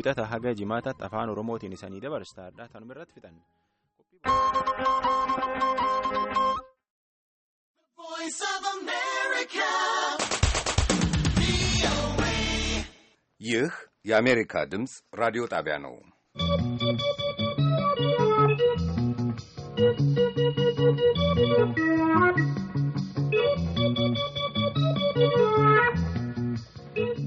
Wixata haga jimaataatti afaan Oromootiin isanii dabarsaadha. Tanuma irratti fixanne. ይህ የአሜሪካ ድምፅ ራዲዮ ጣቢያ ነው። Thank you.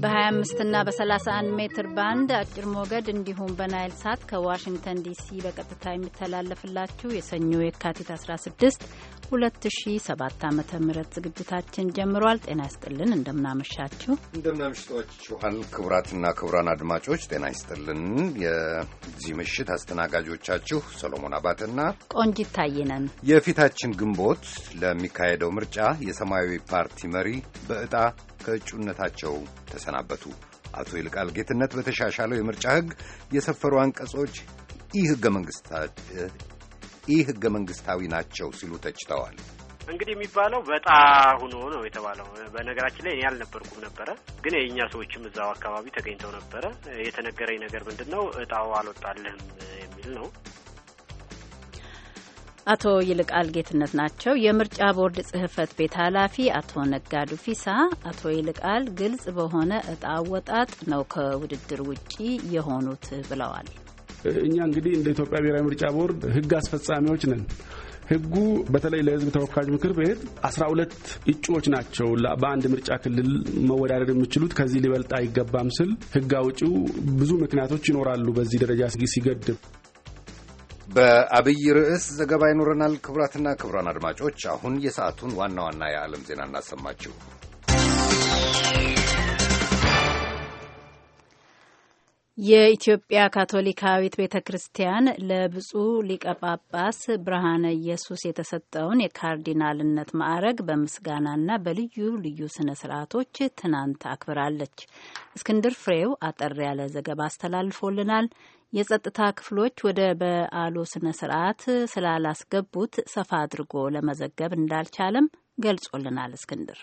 በ25 እና በ31 ሜትር ባንድ አጭር ሞገድ እንዲሁም በናይል ሳት ከዋሽንግተን ዲሲ በቀጥታ የሚተላለፍላችሁ የሰኞ የካቲት 16 2007 ዓ ም ዝግጅታችን ጀምሯል። ጤና ይስጥልን። እንደምናመሻችሁ እንደምናምሽቷችኋል። ክቡራትና ክቡራን አድማጮች ጤና ይስጥልን። የዚህ ምሽት አስተናጋጆቻችሁ ሰሎሞን አባተና ቆንጂት ታየ የፊታችን ግንቦት ለሚካሄደው ምርጫ የሰማያዊ ፓርቲ መሪ በእጣ። ከእጩነታቸው ተሰናበቱ። አቶ ይልቃል ጌትነት በተሻሻለው የምርጫ ሕግ የሰፈሩ አንቀጾች ኢ ህገ መንግስታዊ ናቸው ሲሉ ተችተዋል። እንግዲህ የሚባለው በጣ ሁኖ ነው የተባለው። በነገራችን ላይ እኔ አልነበርኩም ነበረ፣ ግን የእኛ ሰዎችም እዛው አካባቢ ተገኝተው ነበረ። የተነገረኝ ነገር ምንድን ነው እጣው አልወጣልህም የሚል ነው። አቶ ይልቃል ጌትነት ናቸው። የምርጫ ቦርድ ጽህፈት ቤት ኃላፊ አቶ ነጋዱ ፊሳ። አቶ ይልቃል ግልጽ በሆነ እጣ ወጣጥ ነው ከውድድር ውጪ የሆኑት ብለዋል። እኛ እንግዲህ እንደ ኢትዮጵያ ብሔራዊ ምርጫ ቦርድ ህግ አስፈጻሚዎች ነን። ህጉ በተለይ ለህዝብ ተወካዮች ምክር ቤት አስራ ሁለት እጩዎች ናቸው በአንድ ምርጫ ክልል መወዳደር የሚችሉት ከዚህ ሊበልጥ አይገባም ስል ህግ አውጪው ብዙ ምክንያቶች ይኖራሉ በዚህ ደረጃ ሲገድብ በአብይ ርዕስ ዘገባ ይኖረናል። ክቡራትና ክቡራን አድማጮች አሁን የሰዓቱን ዋና ዋና የዓለም ዜና እናሰማችሁ። የኢትዮጵያ ካቶሊካዊት ቤተ ክርስቲያን ለብፁዕ ሊቀ ጳጳስ ብርሃነ ኢየሱስ የተሰጠውን የካርዲናልነት ማዕረግ በምስጋናና በልዩ ልዩ ስነ ስርዓቶች ትናንት አክብራለች። እስክንድር ፍሬው አጠር ያለ ዘገባ አስተላልፎልናል። የጸጥታ ክፍሎች ወደ በዓሉ ስነ ስርዓት ስላላስገቡት ሰፋ አድርጎ ለመዘገብ እንዳልቻለም ገልጾልናል እስክንድር።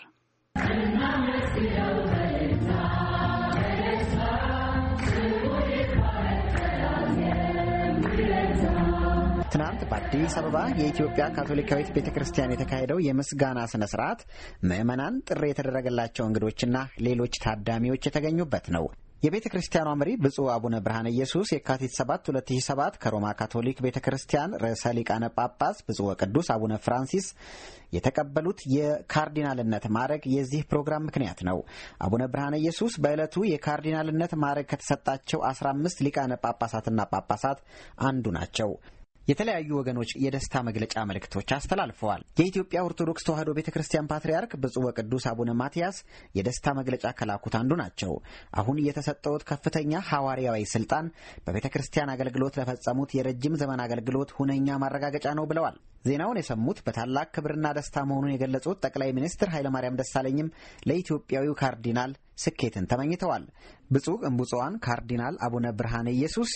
ትናንት በአዲስ አበባ የኢትዮጵያ ካቶሊካዊት ቤተ ክርስቲያን የተካሄደው የምስጋና ስነ ስርዓት ምዕመናን ጥሪ የተደረገላቸው እንግዶችና ሌሎች ታዳሚዎች የተገኙበት ነው። የቤተ ክርስቲያኗ መሪ ብፁዕ አቡነ ብርሃነ ኢየሱስ የካቲት 7 2007 ከሮማ ካቶሊክ ቤተ ክርስቲያን ርዕሰ ሊቃነ ጳጳስ ብፁዕ ወቅዱስ አቡነ ፍራንሲስ የተቀበሉት የካርዲናልነት ማዕረግ የዚህ ፕሮግራም ምክንያት ነው። አቡነ ብርሃነ ኢየሱስ በዕለቱ የካርዲናልነት ማዕረግ ከተሰጣቸው 15 ሊቃነ ጳጳሳትና ጳጳሳት አንዱ ናቸው። የተለያዩ ወገኖች የደስታ መግለጫ መልእክቶች አስተላልፈዋል። የኢትዮጵያ ኦርቶዶክስ ተዋሕዶ ቤተ ክርስቲያን ፓትርያርክ ብፁዕ ወቅዱስ አቡነ ማትያስ የደስታ መግለጫ ከላኩት አንዱ ናቸው። አሁን የተሰጠውት ከፍተኛ ሐዋርያዊ ስልጣን በቤተ ክርስቲያን አገልግሎት ለፈጸሙት የረጅም ዘመን አገልግሎት ሁነኛ ማረጋገጫ ነው ብለዋል። ዜናውን የሰሙት በታላቅ ክብርና ደስታ መሆኑን የገለጹት ጠቅላይ ሚኒስትር ኃይለማርያም ደሳለኝም ለኢትዮጵያዊው ካርዲናል ስኬትን ተመኝተዋል። ብፁዕ እምብፁዓን ካርዲናል አቡነ ብርሃነ ኢየሱስ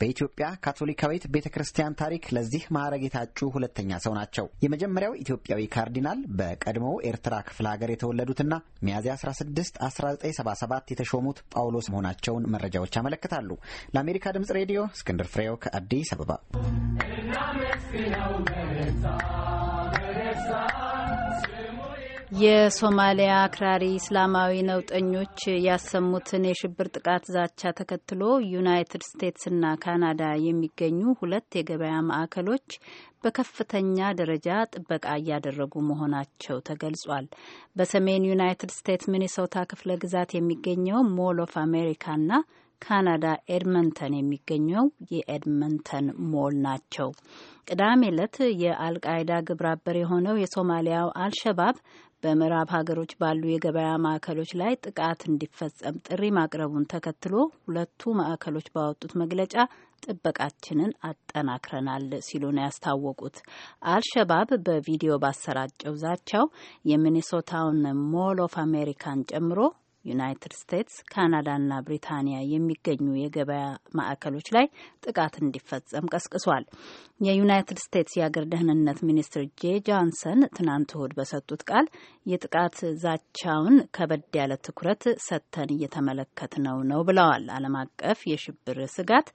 በኢትዮጵያ ካቶሊካዊት ቤተ ክርስቲያን ታሪክ ለዚህ ማዕረግ የታጩ ሁለተኛ ሰው ናቸው። የመጀመሪያው ኢትዮጵያዊ ካርዲናል በቀድሞው ኤርትራ ክፍለ ሀገር የተወለዱትና ሚያዝያ 16 1977 የተሾሙት ጳውሎስ መሆናቸውን መረጃዎች ያመለክታሉ። ለአሜሪካ ድምጽ ሬዲዮ እስክንድር ፍሬው ከአዲስ አበባ የሶማሊያ አክራሪ እስላማዊ ነውጠኞች ያሰሙትን የሽብር ጥቃት ዛቻ ተከትሎ ዩናይትድ ስቴትስና ካናዳ የሚገኙ ሁለት የገበያ ማዕከሎች በከፍተኛ ደረጃ ጥበቃ እያደረጉ መሆናቸው ተገልጿል። በሰሜን ዩናይትድ ስቴትስ ሚኒሶታ ክፍለ ግዛት የሚገኘው ሞል ኦፍ አሜሪካና ካናዳ ኤድመንተን የሚገኘው የኤድመንተን ሞል ናቸው። ቅዳሜ ዕለት የአልቃይዳ ግብረ የሆነው የሶማሊያው አልሸባብ በምዕራብ ሀገሮች ባሉ የገበያ ማዕከሎች ላይ ጥቃት እንዲፈጸም ጥሪ ማቅረቡን ተከትሎ ሁለቱ ማዕከሎች ባወጡት መግለጫ ጥበቃችንን አጠናክረናል ሲሉ ነው ያስታወቁት። አልሸባብ በቪዲዮ ባሰራጨው ዛቻው የሚኒሶታውን ሞል ኦፍ አሜሪካን ጨምሮ ዩናይትድ ስቴትስ፣ ካናዳና ብሪታንያ የሚገኙ የገበያ ማዕከሎች ላይ ጥቃት እንዲፈጸም ቀስቅሷል። የዩናይትድ ስቴትስ የአገር ደህንነት ሚኒስትር ጄ ጃንሰን ትናንት እሁድ በሰጡት ቃል የጥቃት ዛቻውን ከበድ ያለ ትኩረት ሰጥተን እየተመለከት ነው ነው ብለዋል። ዓለም አቀፍ የሽብር ስጋት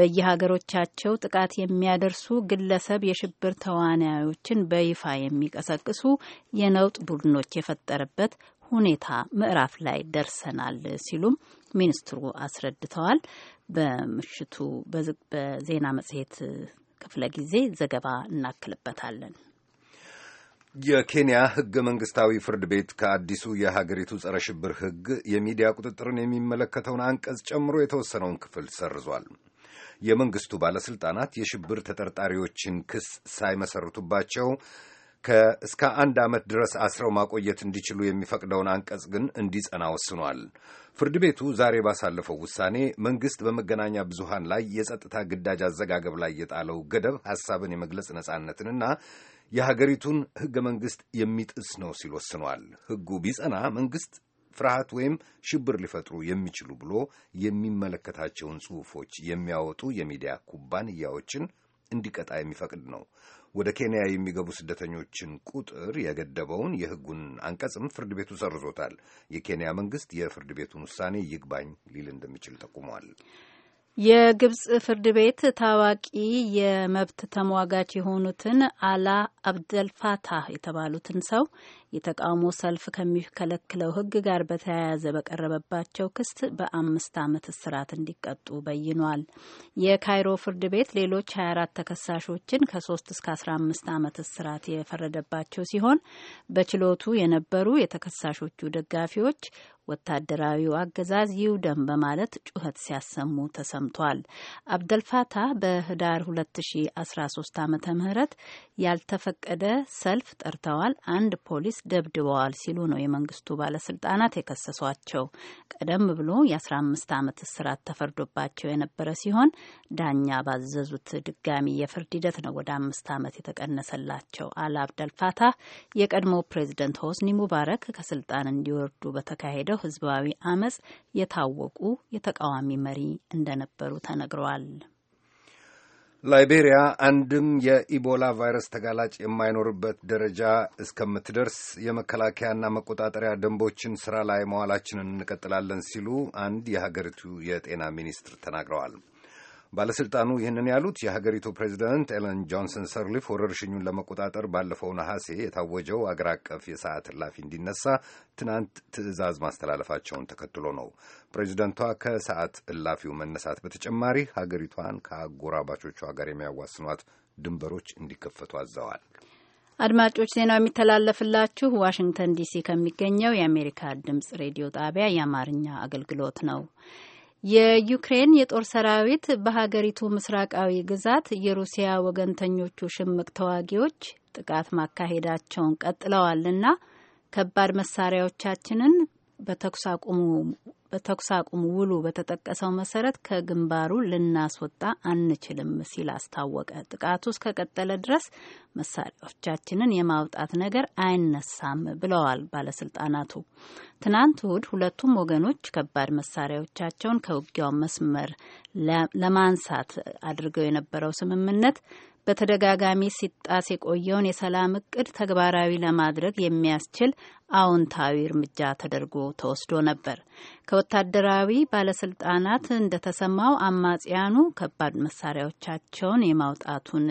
በየሀገሮቻቸው ጥቃት የሚያደርሱ ግለሰብ የሽብር ተዋናዮችን በይፋ የሚቀሰቅሱ የነውጥ ቡድኖች የፈጠረበት ሁኔታ ምዕራፍ ላይ ደርሰናል ሲሉም ሚኒስትሩ አስረድተዋል። በምሽቱ በዜና መጽሔት ክፍለ ጊዜ ዘገባ እናክልበታለን። የኬንያ ህገ መንግስታዊ ፍርድ ቤት ከአዲሱ የሀገሪቱ ጸረ ሽብር ህግ የሚዲያ ቁጥጥርን የሚመለከተውን አንቀጽ ጨምሮ የተወሰነውን ክፍል ሰርዟል። የመንግስቱ ባለሥልጣናት የሽብር ተጠርጣሪዎችን ክስ ሳይመሰርቱባቸው እስከ አንድ ዓመት ድረስ አስረው ማቆየት እንዲችሉ የሚፈቅደውን አንቀጽ ግን እንዲጸና ወስኗል። ፍርድ ቤቱ ዛሬ ባሳለፈው ውሳኔ መንግሥት በመገናኛ ብዙሃን ላይ የጸጥታ ግዳጅ አዘጋገብ ላይ የጣለው ገደብ ሐሳብን የመግለጽ ነጻነትንና የሀገሪቱን ሕገ መንግሥት የሚጥስ ነው ሲል ወስኗል። ሕጉ ቢጸና መንግሥት ፍርሃት ወይም ሽብር ሊፈጥሩ የሚችሉ ብሎ የሚመለከታቸውን ጽሑፎች የሚያወጡ የሚዲያ ኩባንያዎችን እንዲቀጣ የሚፈቅድ ነው። ወደ ኬንያ የሚገቡ ስደተኞችን ቁጥር የገደበውን የሕጉን አንቀጽም ፍርድ ቤቱ ሰርዞታል። የኬንያ መንግስት የፍርድ ቤቱን ውሳኔ ይግባኝ ሊል እንደሚችል ጠቁሟል። የግብጽ ፍርድ ቤት ታዋቂ የመብት ተሟጋች የሆኑትን አላ አብደልፋታህ የተባሉትን ሰው የተቃውሞ ሰልፍ ከሚከለክለው ሕግ ጋር በተያያዘ በቀረበባቸው ክስት በአምስት ዓመት እስራት እንዲቀጡ በይኗል። የካይሮ ፍርድ ቤት ሌሎች 24 ተከሳሾችን ከ3 እስከ 15 ዓመት እስራት የፈረደባቸው ሲሆን በችሎቱ የነበሩ የተከሳሾቹ ደጋፊዎች ወታደራዊው አገዛዝ ይውደም በማለት ጩኸት ሲያሰሙ ተሰምቷል። አብደልፋታ በህዳር 2013 ዓ ም ያልተፈቀደ ሰልፍ ጠርተዋል፣ አንድ ፖሊስ ደብድበዋል ሲሉ ነው የመንግስቱ ባለስልጣናት የከሰሷቸው። ቀደም ብሎ የ15 ዓመት እስራት ተፈርዶባቸው የነበረ ሲሆን ዳኛ ባዘዙት ድጋሚ የፍርድ ሂደት ነው ወደ አምስት ዓመት የተቀነሰላቸው። አል አብደልፋታ የቀድሞ ፕሬዚደንት ሆስኒ ሙባረክ ከስልጣን እንዲወርዱ በተካሄደው በተካሄደው ህዝባዊ አመፅ የታወቁ የተቃዋሚ መሪ እንደነበሩ ተነግረዋል። ላይቤሪያ አንድም የኢቦላ ቫይረስ ተጋላጭ የማይኖርበት ደረጃ እስከምትደርስ የመከላከያና መቆጣጠሪያ ደንቦችን ስራ ላይ መዋላችንን እንቀጥላለን ሲሉ አንድ የሀገሪቱ የጤና ሚኒስትር ተናግረዋል። ባለሥልጣኑ ይህንን ያሉት የሀገሪቱ ፕሬዚደንት ኤለን ጆንሰን ሰርሊፍ ወረርሽኙን ለመቆጣጠር ባለፈው ነሐሴ የታወጀው አገር አቀፍ የሰዓት እላፊ እንዲነሳ ትናንት ትዕዛዝ ማስተላለፋቸውን ተከትሎ ነው። ፕሬዚደንቷ ከሰዓት እላፊው መነሳት በተጨማሪ ሀገሪቷን ከአጎራባቾቿ ጋር የሚያዋስኗት ድንበሮች እንዲከፈቱ አዘዋል። አድማጮች ዜናው የሚተላለፍላችሁ ዋሽንግተን ዲሲ ከሚገኘው የአሜሪካ ድምጽ ሬዲዮ ጣቢያ የአማርኛ አገልግሎት ነው። የዩክሬን የጦር ሰራዊት በሀገሪቱ ምስራቃዊ ግዛት የሩሲያ ወገንተኞቹ ሽምቅ ተዋጊዎች ጥቃት ማካሄዳቸውን ቀጥለዋልና ከባድ መሳሪያዎቻችንን በተኩስ አቁሙ በተኩስ አቁም ውሉ በተጠቀሰው መሰረት ከግንባሩ ልናስወጣ አንችልም ሲል አስታወቀ። ጥቃቱ እስከቀጠለ ድረስ መሳሪያዎቻችንን የማውጣት ነገር አይነሳም ብለዋል ባለስልጣናቱ። ትናንት እሁድ ሁለቱም ወገኖች ከባድ መሳሪያዎቻቸውን ከውጊያው መስመር ለማንሳት አድርገው የነበረው ስምምነት በተደጋጋሚ ሲጣስ የቆየውን የሰላም እቅድ ተግባራዊ ለማድረግ የሚያስችል አዎንታዊ እርምጃ ተደርጎ ተወስዶ ነበር። ከወታደራዊ ባለስልጣናት እንደተሰማው አማጽያኑ ከባድ መሳሪያዎቻቸውን የማውጣቱን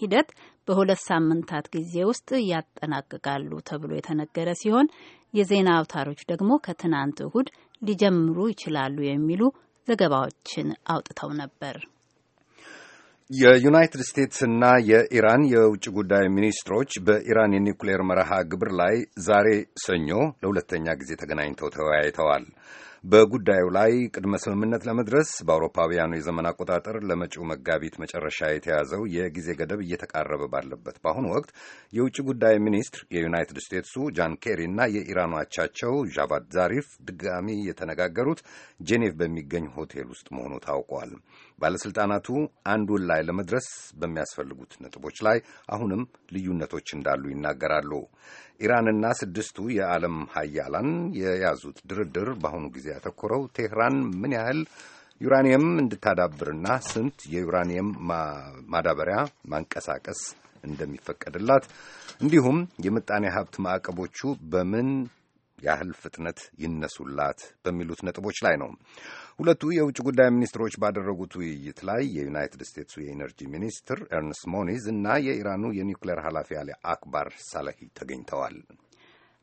ሂደት በሁለት ሳምንታት ጊዜ ውስጥ ያጠናቅቃሉ ተብሎ የተነገረ ሲሆን የዜና አውታሮች ደግሞ ከትናንት እሁድ ሊጀምሩ ይችላሉ የሚሉ ዘገባዎችን አውጥተው ነበር። የዩናይትድ ስቴትስና የኢራን የውጭ ጉዳይ ሚኒስትሮች በኢራን የኒውክሌር መርሃ ግብር ላይ ዛሬ ሰኞ ለሁለተኛ ጊዜ ተገናኝተው ተወያይተዋል። በጉዳዩ ላይ ቅድመ ስምምነት ለመድረስ በአውሮፓውያኑ የዘመን አቆጣጠር ለመጪው መጋቢት መጨረሻ የተያዘው የጊዜ ገደብ እየተቃረበ ባለበት በአሁኑ ወቅት የውጭ ጉዳይ ሚኒስትር የዩናይትድ ስቴትሱ ጃን ኬሪ እና የኢራኑ አቻቸው ዣቫድ ዛሪፍ ድጋሚ የተነጋገሩት ጄኔቭ በሚገኝ ሆቴል ውስጥ መሆኑ ታውቋል። ባለሥልጣናቱ አንዱን ላይ ለመድረስ በሚያስፈልጉት ነጥቦች ላይ አሁንም ልዩነቶች እንዳሉ ይናገራሉ። ኢራንና ስድስቱ የዓለም ሀያላን የያዙት ድርድር በአሁኑ ጊዜ ያተኮረው ቴህራን ምን ያህል ዩራኒየም እንድታዳብርና ስንት የዩራኒየም ማዳበሪያ ማንቀሳቀስ እንደሚፈቀድላት እንዲሁም የምጣኔ ሀብት ማዕቀቦቹ በምን ያህል ፍጥነት ይነሱላት በሚሉት ነጥቦች ላይ ነው። ሁለቱ የውጭ ጉዳይ ሚኒስትሮች ባደረጉት ውይይት ላይ የዩናይትድ ስቴትሱ የኢነርጂ ሚኒስትር ኤርንስት ሞኒዝ እና የኢራኑ የኒውክሌር ኃላፊ አሊ አክባር ሳላሂ ተገኝተዋል።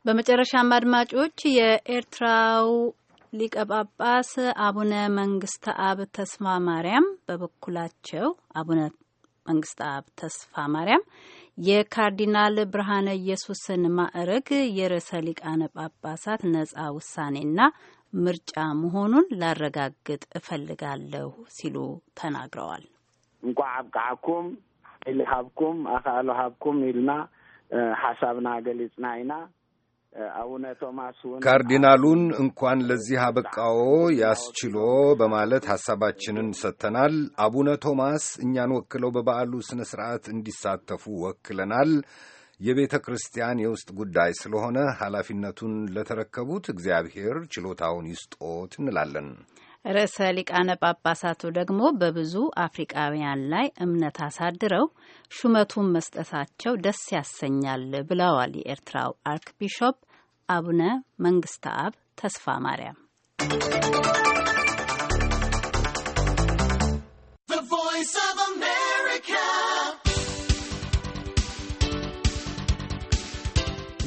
በመጨረሻም አድማጮች የኤርትራው ሊቀ ጳጳስ አቡነ መንግስተ አብ ተስፋ ማርያም በበኩላቸው አቡነ መንግስተ አብ ተስፋ ማርያም የካርዲናል ብርሃነ ኢየሱስን ማዕረግ የርዕሰ ሊቃነ ጳጳሳት ነጻ ውሳኔና ምርጫ መሆኑን ላረጋግጥ እፈልጋለሁ ሲሉ ተናግረዋል። እንኳ አብቃዓኩም ኢሊ ሃብኩም ኣካሎ ሃብኩም ኢልና ሓሳብና ገሊጽና ኢና አቡነ ቶማስ እውን ካርዲናሉን እንኳን ለዚህ አበቃዎ ያስችሎ በማለት ሐሳባችንን ሰጥተናል። አቡነ ቶማስ እኛን ወክለው በበዓሉ ስነ ስርዓት እንዲሳተፉ ወክለናል። የቤተ ክርስቲያን የውስጥ ጉዳይ ስለሆነ ኃላፊነቱን ለተረከቡት እግዚአብሔር ችሎታውን ይስጦት እንላለን። ርዕሰ ሊቃነ ጳጳሳቱ ደግሞ በብዙ አፍሪቃውያን ላይ እምነት አሳድረው ሹመቱን መስጠታቸው ደስ ያሰኛል ብለዋል። የኤርትራው አርክ ቢሾፕ አቡነ መንግስተ አብ ተስፋ ማርያም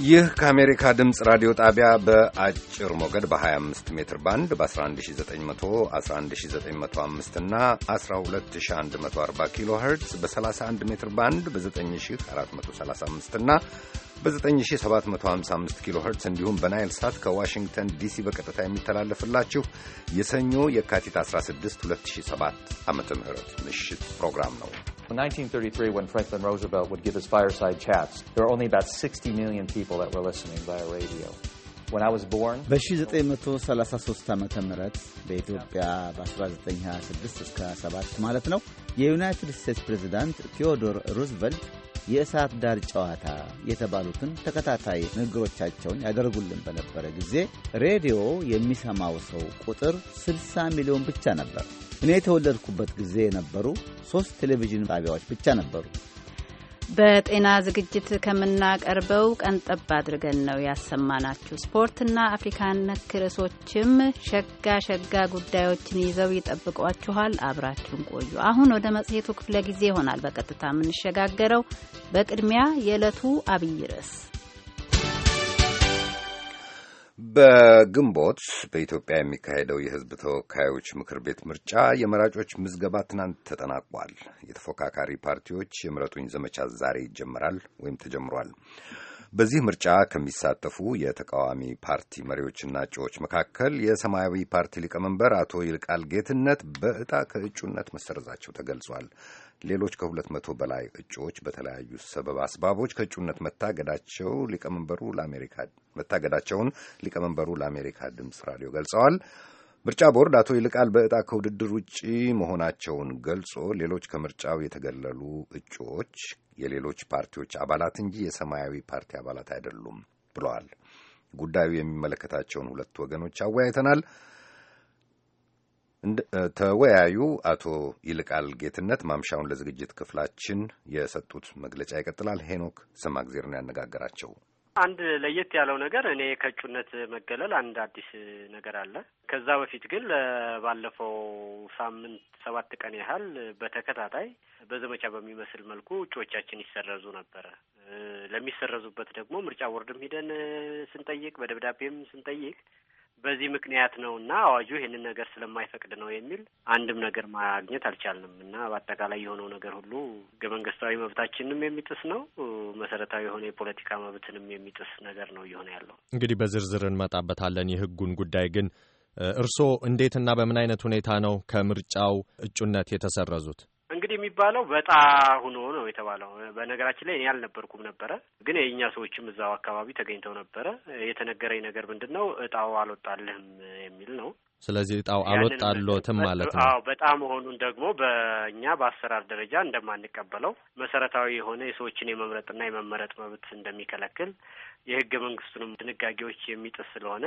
ይህ ከአሜሪካ ድምፅ ራዲዮ ጣቢያ በአጭር ሞገድ በ25 ሜትር ባንድ በ11911 እና 12140 ኪሎ ኸርትዝ በ31 ሜትር ባንድ በ9435 እና በ9755 ኪሎ ኸርትዝ እንዲሁም በናይል ሳት ከዋሽንግተን ዲሲ በቀጥታ የሚተላለፍላችሁ የሰኞ የካቲት 16 2007 ዓ ም ምሽት ፕሮግራም ነው። In 1933, when Franklin Roosevelt would give his fireside chats, there were only about 60 million people that were listening via radio. When I was born, በ1933 በኢትዮጵያ በ1926 እስከ ማለት ነው የዩናይትድ ስቴትስ ቴዎዶር ሩዝቨልት የእሳት ዳር ጨዋታ የተባሉትን ተከታታይ ንግግሮቻቸውን ያደርጉልን በነበረ ጊዜ ሬዲዮ የሚሰማው ሰው ቁጥር 60 ሚሊዮን ብቻ ነበር። እኔ የተወለድኩበት ጊዜ የነበሩ ሶስት ቴሌቪዥን ጣቢያዎች ብቻ ነበሩ። በጤና ዝግጅት ከምናቀርበው ቀንጠብ አድርገን ነው ያሰማናችሁ። ስፖርትና አፍሪካ ነክ ርዕሶችም ሸጋ ሸጋ ጉዳዮችን ይዘው ይጠብቋችኋል። አብራችሁን ቆዩ። አሁን ወደ መጽሔቱ ክፍለ ጊዜ ይሆናል በቀጥታ የምንሸጋገረው። በቅድሚያ የዕለቱ አብይ ርዕስ በግንቦት በኢትዮጵያ የሚካሄደው የሕዝብ ተወካዮች ምክር ቤት ምርጫ የመራጮች ምዝገባ ትናንት ተጠናቋል። የተፎካካሪ ፓርቲዎች የምረጡኝ ዘመቻ ዛሬ ይጀምራል ወይም ተጀምሯል። በዚህ ምርጫ ከሚሳተፉ የተቃዋሚ ፓርቲ መሪዎችና እጩዎች መካከል የሰማያዊ ፓርቲ ሊቀመንበር አቶ ይልቃል ጌትነት በዕጣ ከእጩነት መሰረዛቸው ተገልጿል። ሌሎች ከሁለት መቶ በላይ እጩዎች በተለያዩ ሰበብ አስባቦች ከእጩነት መታገዳቸው ሊቀመንበሩ ለአሜሪካ መታገዳቸውን ሊቀመንበሩ ለአሜሪካ ድምፅ ራዲዮ ገልጸዋል። ምርጫ ቦርድ አቶ ይልቃል በዕጣ ከውድድር ውጪ መሆናቸውን ገልጾ ሌሎች ከምርጫው የተገለሉ እጩዎች የሌሎች ፓርቲዎች አባላት እንጂ የሰማያዊ ፓርቲ አባላት አይደሉም ብለዋል። ጉዳዩ የሚመለከታቸውን ሁለት ወገኖች አወያይተናል። ተወያዩ አቶ ይልቃል ጌትነት ማምሻውን ለዝግጅት ክፍላችን የሰጡት መግለጫ ይቀጥላል። ሄኖክ ሰማግዜር ነው ያነጋገራቸው። አንድ ለየት ያለው ነገር እኔ ከእጩነት መገለል አንድ አዲስ ነገር አለ። ከዛ በፊት ግን ባለፈው ሳምንት ሰባት ቀን ያህል በተከታታይ በዘመቻ በሚመስል መልኩ እጩዎቻችን ይሰረዙ ነበረ። ለሚሰረዙበት ደግሞ ምርጫ ቦርድም ሂደን ስንጠይቅ፣ በደብዳቤም ስንጠይቅ በዚህ ምክንያት ነው እና አዋጁ ይህንን ነገር ስለማይፈቅድ ነው የሚል አንድም ነገር ማግኘት አልቻልንም እና በአጠቃላይ የሆነው ነገር ሁሉ ህገ መንግስታዊ መብታችንም የሚጥስ ነው፣ መሰረታዊ የሆነ የፖለቲካ መብትንም የሚጥስ ነገር ነው እየሆነ ያለው። እንግዲህ በዝርዝር እንመጣበታለን የህጉን ጉዳይ ግን እርስዎ እንዴትና በምን አይነት ሁኔታ ነው ከምርጫው እጩነት የተሰረዙት? እንግዲህ የሚባለው በጣ ሁኖ ነው የተባለው። በነገራችን ላይ እኔ አልነበርኩም ነበረ፣ ግን የእኛ ሰዎችም እዛው አካባቢ ተገኝተው ነበረ። የተነገረኝ ነገር ምንድን ነው እጣው አልወጣልህም የሚል ነው። ስለዚህ እጣው አልወጣልዎትም ማለት ነው። አዎ በጣ መሆኑን ደግሞ በእኛ በአሰራር ደረጃ እንደማንቀበለው መሰረታዊ የሆነ የሰዎችን የመምረጥና የመመረጥ መብት እንደሚከለክል የህገ መንግስቱንም ድንጋጌዎች የሚጥስ ስለሆነ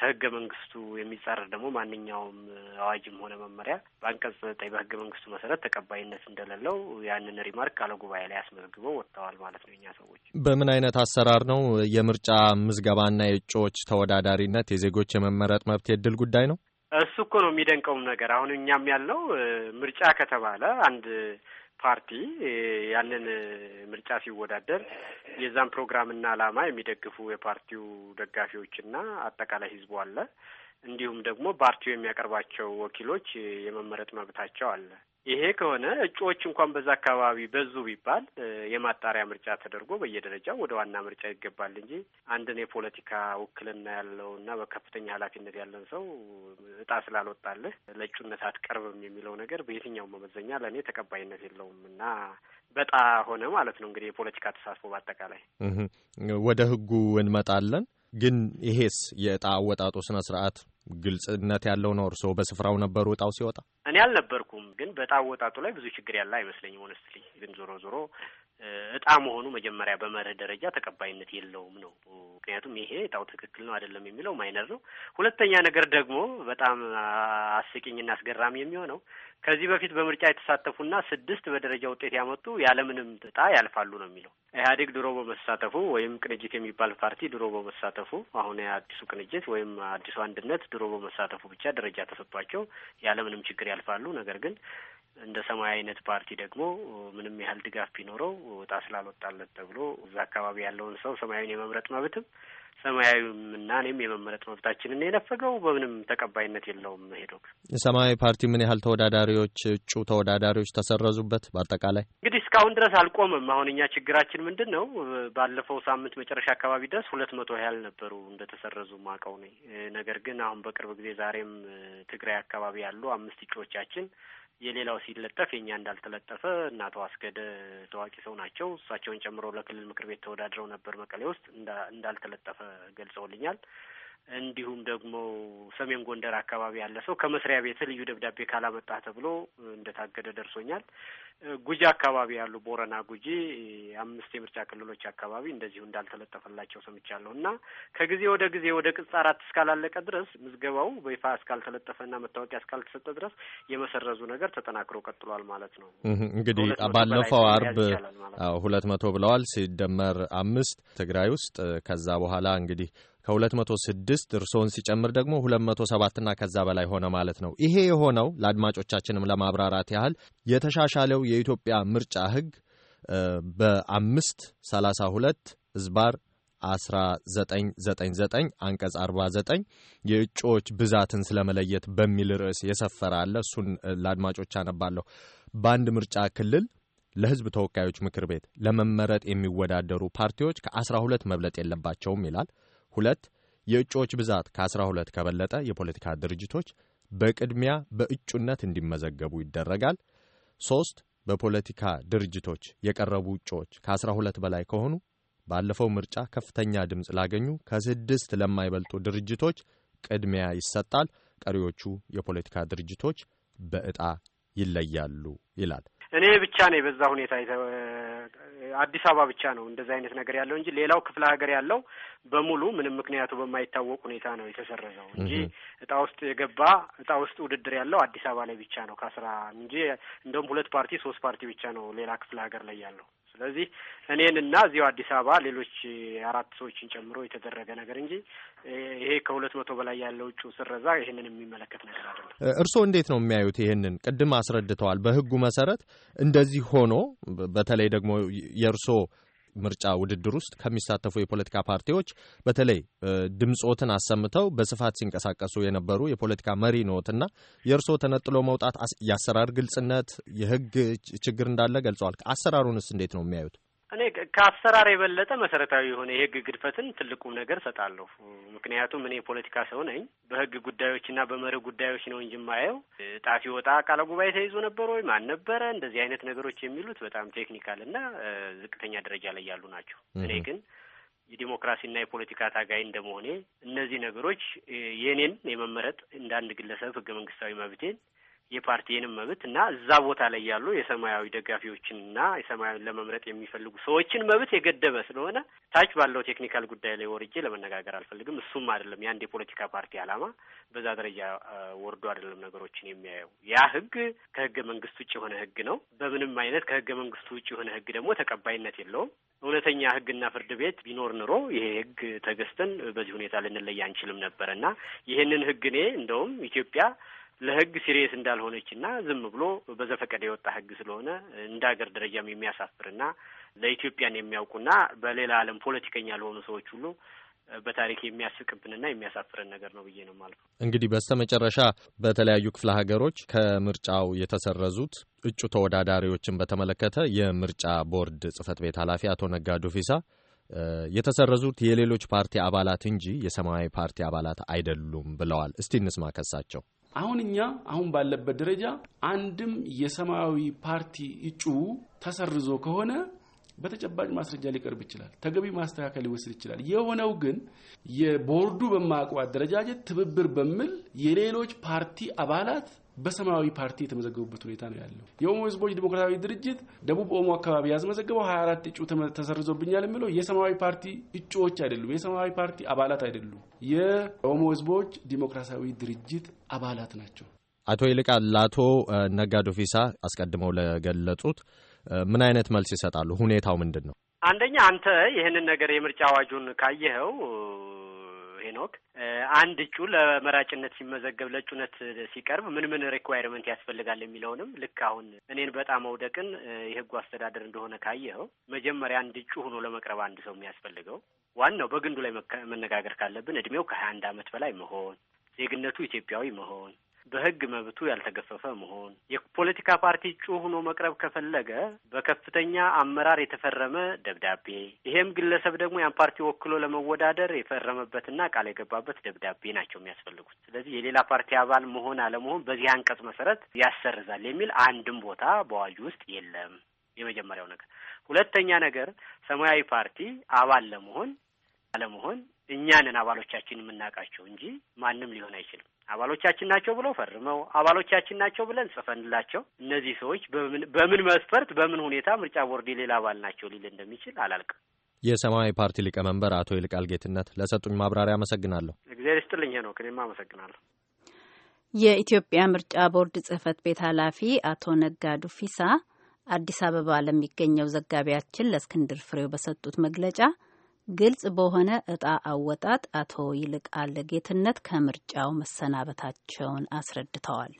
ከህገ መንግስቱ የሚጻረር ደግሞ ማንኛውም አዋጅም ሆነ መመሪያ በአንቀጽ ዘጠኝ በህገ መንግስቱ መሰረት ተቀባይነት እንደሌለው ያንን ሪማርክ አለ ጉባኤ ላይ አስመዝግበው ወጥተዋል ማለት ነው። እኛ ሰዎች በምን አይነት አሰራር ነው የምርጫ ምዝገባና የእጩዎች ተወዳዳሪነት የዜጎች የመመረጥ መብት የድል ጉዳይ ነው። እሱ እኮ ነው የሚደንቀውም ነገር አሁን እኛም ያለው ምርጫ ከተባለ አንድ ፓርቲ ያንን ምርጫ ሲወዳደር የዛን ፕሮግራምና አላማ የሚደግፉ የፓርቲው ደጋፊዎችና አጠቃላይ ህዝቡ አለ። እንዲሁም ደግሞ ፓርቲው የሚያቀርባቸው ወኪሎች የመመረጥ መብታቸው አለ። ይሄ ከሆነ እጩዎች እንኳን በዛ አካባቢ በዙ ቢባል የማጣሪያ ምርጫ ተደርጎ በየደረጃው ወደ ዋና ምርጫ ይገባል እንጂ አንድን የፖለቲካ ውክልና ያለው እና በከፍተኛ ኃላፊነት ያለን ሰው እጣ ስላልወጣልህ ለእጩነት አትቀርብም የሚለው ነገር በየትኛው መመዘኛ ለእኔ ተቀባይነት የለውም እና በጣ ሆነ ማለት ነው እንግዲህ የፖለቲካ ተሳትፎ በአጠቃላይ። ወደ ህጉ እንመጣለን። ግን ይሄስ የእጣ አወጣጡ ስነ ስርዓት ግልጽነት ያለው ነው። እርስዎ በስፍራው ነበሩ እጣው ሲወጣ? እኔ አልነበርኩም፣ ግን በእጣው ወጣቱ ላይ ብዙ ችግር ያለ አይመስለኝም። ሆነስትሊ ግን ዞሮ ዞሮ እጣ መሆኑ መጀመሪያ በመርህ ደረጃ ተቀባይነት የለውም ነው። ምክንያቱም ይሄ እጣው ትክክል ነው አይደለም የሚለው ማይነር ነው። ሁለተኛ ነገር ደግሞ በጣም አስቂኝና አስገራሚ የሚሆነው ከዚህ በፊት በምርጫ የተሳተፉና ስድስት በደረጃ ውጤት ያመጡ ያለምንም እጣ ያልፋሉ ነው የሚለው። ኢህአዴግ ድሮ በመሳተፉ ወይም ቅንጅት የሚባል ፓርቲ ድሮ በመሳተፉ አሁን የአዲሱ ቅንጅት ወይም አዲሱ አንድነት ድሮ በመሳተፉ ብቻ ደረጃ ተሰጥቷቸው ያለምንም ችግር ያልፋሉ። ነገር ግን እንደ ሰማያዊ አይነት ፓርቲ ደግሞ ምንም ያህል ድጋፍ ቢኖረው ወጣ ስላልወጣለት ተብሎ እዛ አካባቢ ያለውን ሰው ሰማያዊን የመምረጥ መብትም ሰማያዊም እና እኔም የመመረጥ መብታችንን የነፈገው በምንም ተቀባይነት የለውም። ሄዶክ የሰማያዊ ፓርቲ ምን ያህል ተወዳዳሪዎች እጩ ተወዳዳሪዎች ተሰረዙበት? በአጠቃላይ እንግዲህ እስካሁን ድረስ አልቆምም። አሁን እኛ ችግራችን ምንድን ነው? ባለፈው ሳምንት መጨረሻ አካባቢ ድረስ ሁለት መቶ ያህል ነበሩ እንደተሰረዙ ማቀው ነኝ። ነገር ግን አሁን በቅርብ ጊዜ ዛሬም ትግራይ አካባቢ ያሉ አምስት እጩዎቻችን የሌላው ሲለጠፍ የእኛ እንዳልተለጠፈ እና አቶ አስገደ ታዋቂ ሰው ናቸው። እሳቸውን ጨምሮ ለክልል ምክር ቤት ተወዳድረው ነበር መቀሌ ውስጥ እንዳልተለጠፈ ገልጸውልኛል። እንዲሁም ደግሞ ሰሜን ጎንደር አካባቢ ያለ ሰው ከመስሪያ ቤት ልዩ ደብዳቤ ካላመጣ ተብሎ እንደታገደ ደርሶኛል። ጉጂ አካባቢ ያሉ ቦረና፣ ጉጂ አምስት የምርጫ ክልሎች አካባቢ እንደዚሁ እንዳልተለጠፈላቸው ሰምቻለሁ እና ከጊዜ ወደ ጊዜ ወደ ቅጽ አራት እስካላለቀ ድረስ ምዝገባው በይፋ እስካልተለጠፈና መታወቂያ እስካልተሰጠ ድረስ የመሰረዙ ነገር ተጠናክሮ ቀጥሏል ማለት ነው። እንግዲህ ባለፈው አርብ ሁለት መቶ ብለዋል ሲደመር አምስት ትግራይ ውስጥ ከዛ በኋላ እንግዲህ ከ206 እርስዎን ሲጨምር ደግሞ 207ና ከዛ በላይ ሆነ ማለት ነው። ይሄ የሆነው ለአድማጮቻችንም ለማብራራት ያህል የተሻሻለው የኢትዮጵያ ምርጫ ህግ በ532 ዝባር 1999 አንቀጽ 49 የእጩዎች ብዛትን ስለመለየት በሚል ርዕስ የሰፈረ አለ። እሱን ለአድማጮች አነባለሁ። በአንድ ምርጫ ክልል ለህዝብ ተወካዮች ምክር ቤት ለመመረጥ የሚወዳደሩ ፓርቲዎች ከ12 መብለጥ የለባቸውም ይላል። ሁለት የእጩዎች ብዛት ከ12 ከበለጠ የፖለቲካ ድርጅቶች በቅድሚያ በእጩነት እንዲመዘገቡ ይደረጋል። ሶስት በፖለቲካ ድርጅቶች የቀረቡ እጩዎች ከ12 በላይ ከሆኑ ባለፈው ምርጫ ከፍተኛ ድምፅ ላገኙ ከስድስት ለማይበልጡ ድርጅቶች ቅድሚያ ይሰጣል። ቀሪዎቹ የፖለቲካ ድርጅቶች በዕጣ ይለያሉ ይላል። እኔ ብቻ ነው በዛ ሁኔታ አዲስ አበባ ብቻ ነው እንደዚህ አይነት ነገር ያለው እንጂ ሌላው ክፍለ ሀገር ያለው በሙሉ ምንም ምክንያቱ በማይታወቅ ሁኔታ ነው የተሰረዘው እንጂ እጣ ውስጥ የገባ እጣ ውስጥ ውድድር ያለው አዲስ አበባ ላይ ብቻ ነው ከአስራ እንጂ እንደውም ሁለት ፓርቲ ሶስት ፓርቲ ብቻ ነው ሌላ ክፍለ ሀገር ላይ ያለው። ስለዚህ እኔን እና እዚሁ አዲስ አበባ ሌሎች አራት ሰዎችን ጨምሮ የተደረገ ነገር እንጂ ይሄ ከሁለት መቶ በላይ ያለው ውጭ ስረዛ ይህንን የሚመለከት ነገር አይደለም። እርስዎ እንዴት ነው የሚያዩት? ይህንን ቅድም አስረድተዋል። በህጉ መሰረት እንደዚህ ሆኖ በተለይ ደግሞ የእርስዎ ምርጫ ውድድር ውስጥ ከሚሳተፉ የፖለቲካ ፓርቲዎች በተለይ ድምፆትን አሰምተው በስፋት ሲንቀሳቀሱ የነበሩ የፖለቲካ መሪ ነዎትና የእርስዎ ተነጥሎ መውጣት የአሰራር ግልጽነት፣ የህግ ችግር እንዳለ ገልጸዋል። አሰራሩንስ እንዴት ነው የሚያዩት? እኔ ከአሰራር የበለጠ መሰረታዊ የሆነ የህግ ግድፈትን ትልቁም ነገር ሰጣለሁ። ምክንያቱም እኔ የፖለቲካ ሰው ነኝ። በህግ ጉዳዮችና በመርህ ጉዳዮች ነው እንጂ የማየው ጣፊ ወጣ ቃለ ጉባኤ ተይዞ ነበር ወይ ማን ነበረ እንደዚህ አይነት ነገሮች የሚሉት በጣም ቴክኒካል እና ዝቅተኛ ደረጃ ላይ ያሉ ናቸው። እኔ ግን የዲሞክራሲና የፖለቲካ ታጋይ እንደመሆኔ እነዚህ ነገሮች የእኔን የመመረጥ እንደ አንድ ግለሰብ ህገ መንግስታዊ መብቴን የፓርቲንም መብት እና እዛ ቦታ ላይ ያሉ የሰማያዊ ደጋፊዎችን እና የሰማያዊን ለመምረጥ የሚፈልጉ ሰዎችን መብት የገደበ ስለሆነ ታች ባለው ቴክኒካል ጉዳይ ላይ ወርጄ ለመነጋገር አልፈልግም። እሱም አይደለም የአንድ የፖለቲካ ፓርቲ ዓላማ። በዛ ደረጃ ወርዶ አይደለም ነገሮችን የሚያየው። ያ ህግ ከህገ መንግስት ውጭ የሆነ ህግ ነው። በምንም አይነት ከህገ መንግስቱ ውጭ የሆነ ህግ ደግሞ ተቀባይነት የለውም። እውነተኛ ህግና ፍርድ ቤት ቢኖር ኑሮ ይሄ ህግ ተገዝተን በዚህ ሁኔታ ልንለይ አንችልም ነበርና ይህንን ህግ እኔ እንደውም ኢትዮጵያ ለህግ ሲሪየስ እንዳልሆነች እና ዝም ብሎ በዘፈቀደ የወጣ ህግ ስለሆነ እንደ ሀገር ደረጃም የሚያሳፍርና ለኢትዮጵያን የሚያውቁና በሌላ ዓለም ፖለቲከኛ ለሆኑ ሰዎች ሁሉ በታሪክ የሚያስቅብንና የሚያሳፍረን ነገር ነው ብዬ ነው ማለት ነው። እንግዲህ በስተ መጨረሻ በተለያዩ ክፍለ ሀገሮች ከምርጫው የተሰረዙት እጩ ተወዳዳሪዎችን በተመለከተ የምርጫ ቦርድ ጽህፈት ቤት ኃላፊ አቶ ነጋዱ ፊሳ የተሰረዙት የሌሎች ፓርቲ አባላት እንጂ የሰማያዊ ፓርቲ አባላት አይደሉም ብለዋል። እስቲ እንስማ ከሳቸው አሁን እኛ አሁን ባለበት ደረጃ አንድም የሰማያዊ ፓርቲ እጩ ተሰርዞ ከሆነ በተጨባጭ ማስረጃ ሊቀርብ ይችላል። ተገቢ ማስተካከል ሊወስድ ይችላል። የሆነው ግን የቦርዱ በማያውቀው አደረጃጀት ትብብር በሚል የሌሎች ፓርቲ አባላት በሰማያዊ ፓርቲ የተመዘገቡበት ሁኔታ ነው ያለው። የኦሞ ህዝቦች ዲሞክራሲያዊ ድርጅት ደቡብ ኦሞ አካባቢ ያስመዘገበው 24 እጩ ተሰርዞብኛል የሚለው የሰማያዊ ፓርቲ እጩዎች አይደሉም፣ የሰማያዊ ፓርቲ አባላት አይደሉም። የኦሞ ህዝቦች ዲሞክራሲያዊ ድርጅት አባላት ናቸው። አቶ ይልቃል ለአቶ ነጋ ዶፊሳ አስቀድመው ለገለጹት ምን አይነት መልስ ይሰጣሉ? ሁኔታው ምንድን ነው? አንደኛ አንተ ይህንን ነገር የምርጫ አዋጁን ካየኸው ሄኖክ አንድ እጩ ለመራጭነት ሲመዘገብ ለእጩነት ሲቀርብ ምን ምን ሪኳይርመንት ያስፈልጋል የሚለውንም ልክ አሁን እኔን በጣም አውደቅን የህጉ አስተዳደር እንደሆነ ካየኸው መጀመሪያ አንድ እጩ ሆኖ ለመቅረብ አንድ ሰው የሚያስፈልገው ዋናው በግንዱ ላይ መነጋገር ካለብን እድሜው ከሀያ አንድ አመት በላይ መሆን፣ ዜግነቱ ኢትዮጵያዊ መሆን በህግ መብቱ ያልተገፈፈ መሆን፣ የፖለቲካ ፓርቲ እጩ ሆኖ መቅረብ ከፈለገ በከፍተኛ አመራር የተፈረመ ደብዳቤ፣ ይሄም ግለሰብ ደግሞ ያን ፓርቲ ወክሎ ለመወዳደር የፈረመበትና ቃል የገባበት ደብዳቤ ናቸው የሚያስፈልጉት። ስለዚህ የሌላ ፓርቲ አባል መሆን አለመሆን በዚህ አንቀጽ መሰረት ያሰርዛል የሚል አንድም ቦታ በአዋጁ ውስጥ የለም። የመጀመሪያው ነገር። ሁለተኛ ነገር ሰማያዊ ፓርቲ አባል ለመሆን አለመሆን እኛንን አባሎቻችን የምናውቃቸው እንጂ ማንም ሊሆን አይችልም። አባሎቻችን ናቸው ብለው ፈርመው አባሎቻችን ናቸው ብለን ጽፈንላቸው እነዚህ ሰዎች በምን መስፈርት በምን ሁኔታ ምርጫ ቦርድ የሌላ አባል ናቸው ሊል እንደሚችል አላልቅም። የሰማያዊ ፓርቲ ሊቀመንበር አቶ ይልቃል ጌትነት ለሰጡኝ ማብራሪያ አመሰግናለሁ። እግዚአብሔር ይስጥልኝ ነው። ክኔማ አመሰግናለሁ። የኢትዮጵያ ምርጫ ቦርድ ጽህፈት ቤት ኃላፊ አቶ ነጋዱ ፊሳ አዲስ አበባ ለሚገኘው ዘጋቢያችን ለእስክንድር ፍሬው በሰጡት መግለጫ ግልጽ በሆነ እጣ አወጣጥ አቶ ይልቃል ጌትነት ከምርጫው መሰናበታቸውን አስረድተዋል።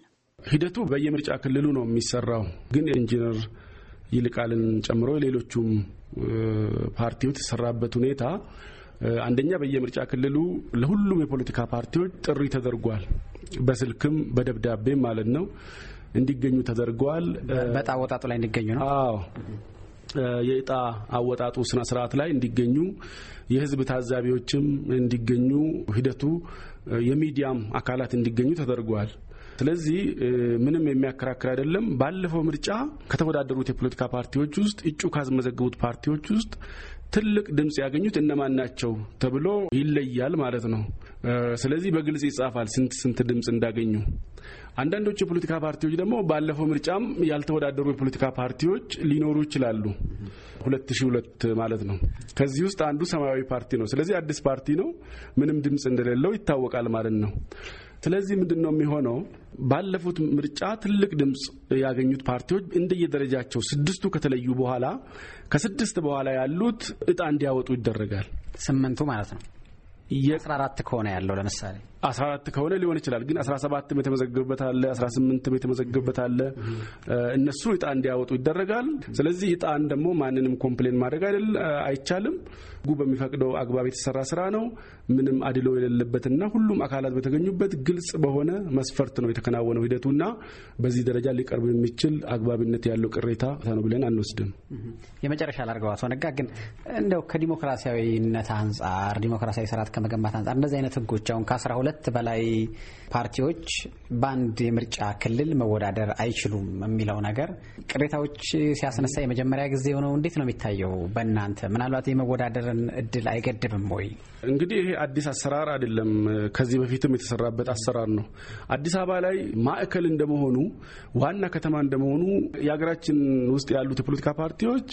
ሂደቱ በየምርጫ ክልሉ ነው የሚሰራው። ግን ኢንጂነር ይልቃልን ጨምሮ ሌሎቹም ፓርቲዎች የተሰራበት ሁኔታ አንደኛ በየምርጫ ክልሉ ለሁሉም የፖለቲካ ፓርቲዎች ጥሪ ተደርጓል። በስልክም በደብዳቤም ማለት ነው እንዲገኙ ተደርገዋል። በጣ ወጣቱ ላይ እንዲገኙ ነው። አዎ የእጣ አወጣጡ ስነ ስርዓት ላይ እንዲገኙ የህዝብ ታዛቢዎችም እንዲገኙ ሂደቱ የሚዲያም አካላት እንዲገኙ ተደርጓል። ስለዚህ ምንም የሚያከራክር አይደለም። ባለፈው ምርጫ ከተወዳደሩት የፖለቲካ ፓርቲዎች ውስጥ እጩ ካስመዘገቡት ፓርቲዎች ውስጥ ትልቅ ድምፅ ያገኙት እነማን ናቸው ተብሎ ይለያል ማለት ነው። ስለዚህ በግልጽ ይጻፋል ስንት ስንት ድምፅ እንዳገኙ አንዳንዶቹ የፖለቲካ ፓርቲዎች ደግሞ ባለፈው ምርጫም ያልተወዳደሩ የፖለቲካ ፓርቲዎች ሊኖሩ ይችላሉ። ሁለት ሺ ሁለት ማለት ነው። ከዚህ ውስጥ አንዱ ሰማያዊ ፓርቲ ነው። ስለዚህ አዲስ ፓርቲ ነው፣ ምንም ድምፅ እንደሌለው ይታወቃል ማለት ነው። ስለዚህ ምንድን ነው የሚሆነው? ባለፉት ምርጫ ትልቅ ድምፅ ያገኙት ፓርቲዎች እንደየደረጃቸው ስድስቱ ከተለዩ በኋላ ከስድስት በኋላ ያሉት እጣ እንዲያወጡ ይደረጋል። ስምንቱ ማለት ነው። የአስራ አራት ከሆነ ያለው ለምሳሌ 14 ከሆነ ሊሆን ይችላል። ግን 17ም የተመዘገበበት አለ፣ 18ም የተመዘገበበት አለ። እነሱ እጣ እንዲያወጡ ይደረጋል። ስለዚህ እጣን ደግሞ ማንንም ኮምፕሌን ማድረግ አይደል አይቻልም። ጉ በሚፈቅደው አግባብ የተሰራ ስራ ነው። ምንም አድሎ የሌለበትና ሁሉም አካላት በተገኙበት ግልጽ በሆነ መስፈርት ነው የተከናወነው ሂደቱና በዚህ ደረጃ ሊቀርብ የሚችል አግባብነት ያለው ቅሬታ ነው ብለን አንወስድም። የመጨረሻ ላድርገው። አቶ ነጋ ግን እንደው ከዲሞክራሲያዊነት አንጻር ዲሞክራሲያዊ ስርዓት ከመገንባት አንጻር እንደዚህ አይነት ህጎች አሁን ሁለት ከሁለት በላይ ፓርቲዎች በአንድ የምርጫ ክልል መወዳደር አይችሉም የሚለው ነገር ቅሬታዎች ሲያስነሳ የመጀመሪያ ጊዜ ሆነው እንዴት ነው የሚታየው? በእናንተ ምናልባት የመወዳደርን እድል አይገድብም ወይ? እንግዲህ ይሄ አዲስ አሰራር አይደለም። ከዚህ በፊትም የተሰራበት አሰራር ነው። አዲስ አበባ ላይ ማዕከል እንደመሆኑ ዋና ከተማ እንደመሆኑ የሀገራችን ውስጥ ያሉት የፖለቲካ ፓርቲዎች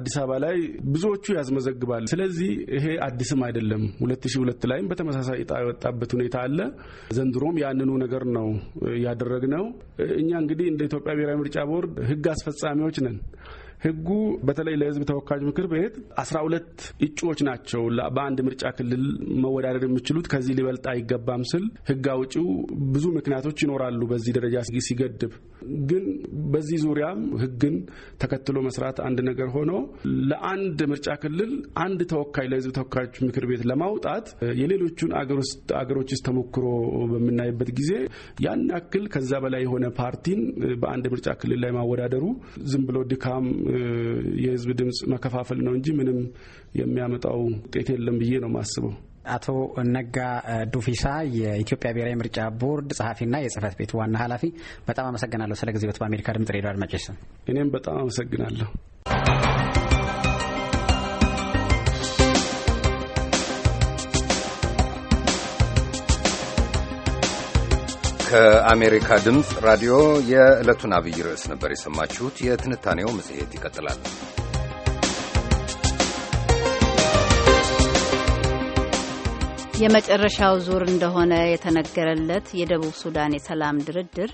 አዲስ አበባ ላይ ብዙዎቹ ያስመዘግባል። ስለዚህ ይሄ አዲስም አይደለም። ሁለት ሁለት ላይም በተመሳሳይ እጣ የወጣበት ሁኔታ ስላለ ዘንድሮም ያንኑ ነገር ነው ያደረግነው። እኛ እንግዲህ እንደ ኢትዮጵያ ብሔራዊ ምርጫ ቦርድ ህግ አስፈጻሚዎች ነን። ህጉ በተለይ ለህዝብ ተወካዮች ምክር ቤት አስራ ሁለት እጩዎች ናቸው በአንድ ምርጫ ክልል መወዳደር የሚችሉት ከዚህ ሊበልጥ አይገባም ስል ህግ አውጪው ብዙ ምክንያቶች ይኖራሉ በዚህ ደረጃ ሲገድብ። ግን በዚህ ዙሪያም ህግን ተከትሎ መስራት አንድ ነገር ሆኖ ለአንድ ምርጫ ክልል አንድ ተወካይ ለህዝብ ተወካዮች ምክር ቤት ለማውጣት የሌሎቹን አገሮች ውስጥ ተሞክሮ በምናይበት ጊዜ ያን ያክል ከዛ በላይ የሆነ ፓርቲን በአንድ ምርጫ ክልል ላይ ማወዳደሩ ዝም ብሎ ድካም የህዝብ ድምፅ መከፋፈል ነው እንጂ ምንም የሚያመጣው ውጤት የለም ብዬ ነው የማስበው። አቶ ነጋ ዱፊሳ የኢትዮጵያ ብሔራዊ ምርጫ ቦርድ ጸሐፊና የጽህፈት ቤት ዋና ኃላፊ፣ በጣም አመሰግናለሁ ስለ ጊዜዎት በአሜሪካ ድምጽ ሬዲዮ አድማጭ ስም እኔም በጣም አመሰግናለሁ። ከአሜሪካ ድምፅ ራዲዮ የዕለቱን አብይ ርዕስ ነበር የሰማችሁት። የትንታኔው መጽሔት ይቀጥላል። የመጨረሻው ዙር እንደሆነ የተነገረለት የደቡብ ሱዳን የሰላም ድርድር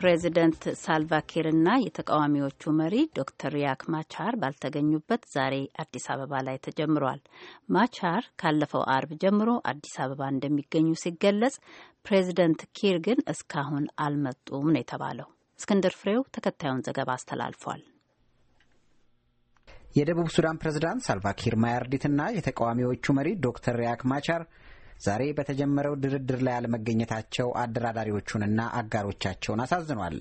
ፕሬዚደንት ሳልቫኪርና የተቃዋሚዎቹ መሪ ዶክተር ሪያክ ማቻር ባልተገኙበት ዛሬ አዲስ አበባ ላይ ተጀምሯል። ማቻር ካለፈው አርብ ጀምሮ አዲስ አበባ እንደሚገኙ ሲገለጽ ፕሬዚደንት ኪር ግን እስካሁን አልመጡም ነው የተባለው። እስክንድር ፍሬው ተከታዩን ዘገባ አስተላልፏል። የደቡብ ሱዳን ፕሬዝዳንት ሳልቫኪር ማያርዲትና የተቃዋሚዎቹ መሪ ዶክተር ሪያክ ማቻር ዛሬ በተጀመረው ድርድር ላይ አለመገኘታቸው አደራዳሪዎቹንና አጋሮቻቸውን አሳዝኗል።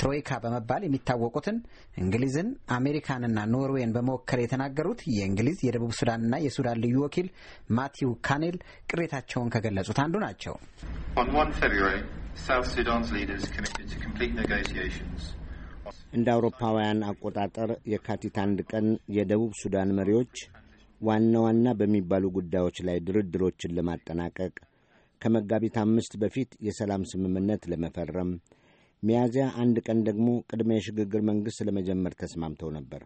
ትሮይካ በመባል የሚታወቁትን እንግሊዝን፣ አሜሪካንና ኖርዌይን በመወከል የተናገሩት የእንግሊዝ የደቡብ ሱዳንና የሱዳን ልዩ ወኪል ማቲው ካኔል ቅሬታቸውን ከገለጹት አንዱ ናቸው። እንደ አውሮፓውያን አቆጣጠር የካቲት አንድ ቀን የደቡብ ሱዳን መሪዎች ዋና ዋና በሚባሉ ጉዳዮች ላይ ድርድሮችን ለማጠናቀቅ ከመጋቢት አምስት በፊት የሰላም ስምምነት ለመፈረም ሚያዝያ አንድ ቀን ደግሞ ቅድመ የሽግግር መንግሥት ለመጀመር ተስማምተው ነበር።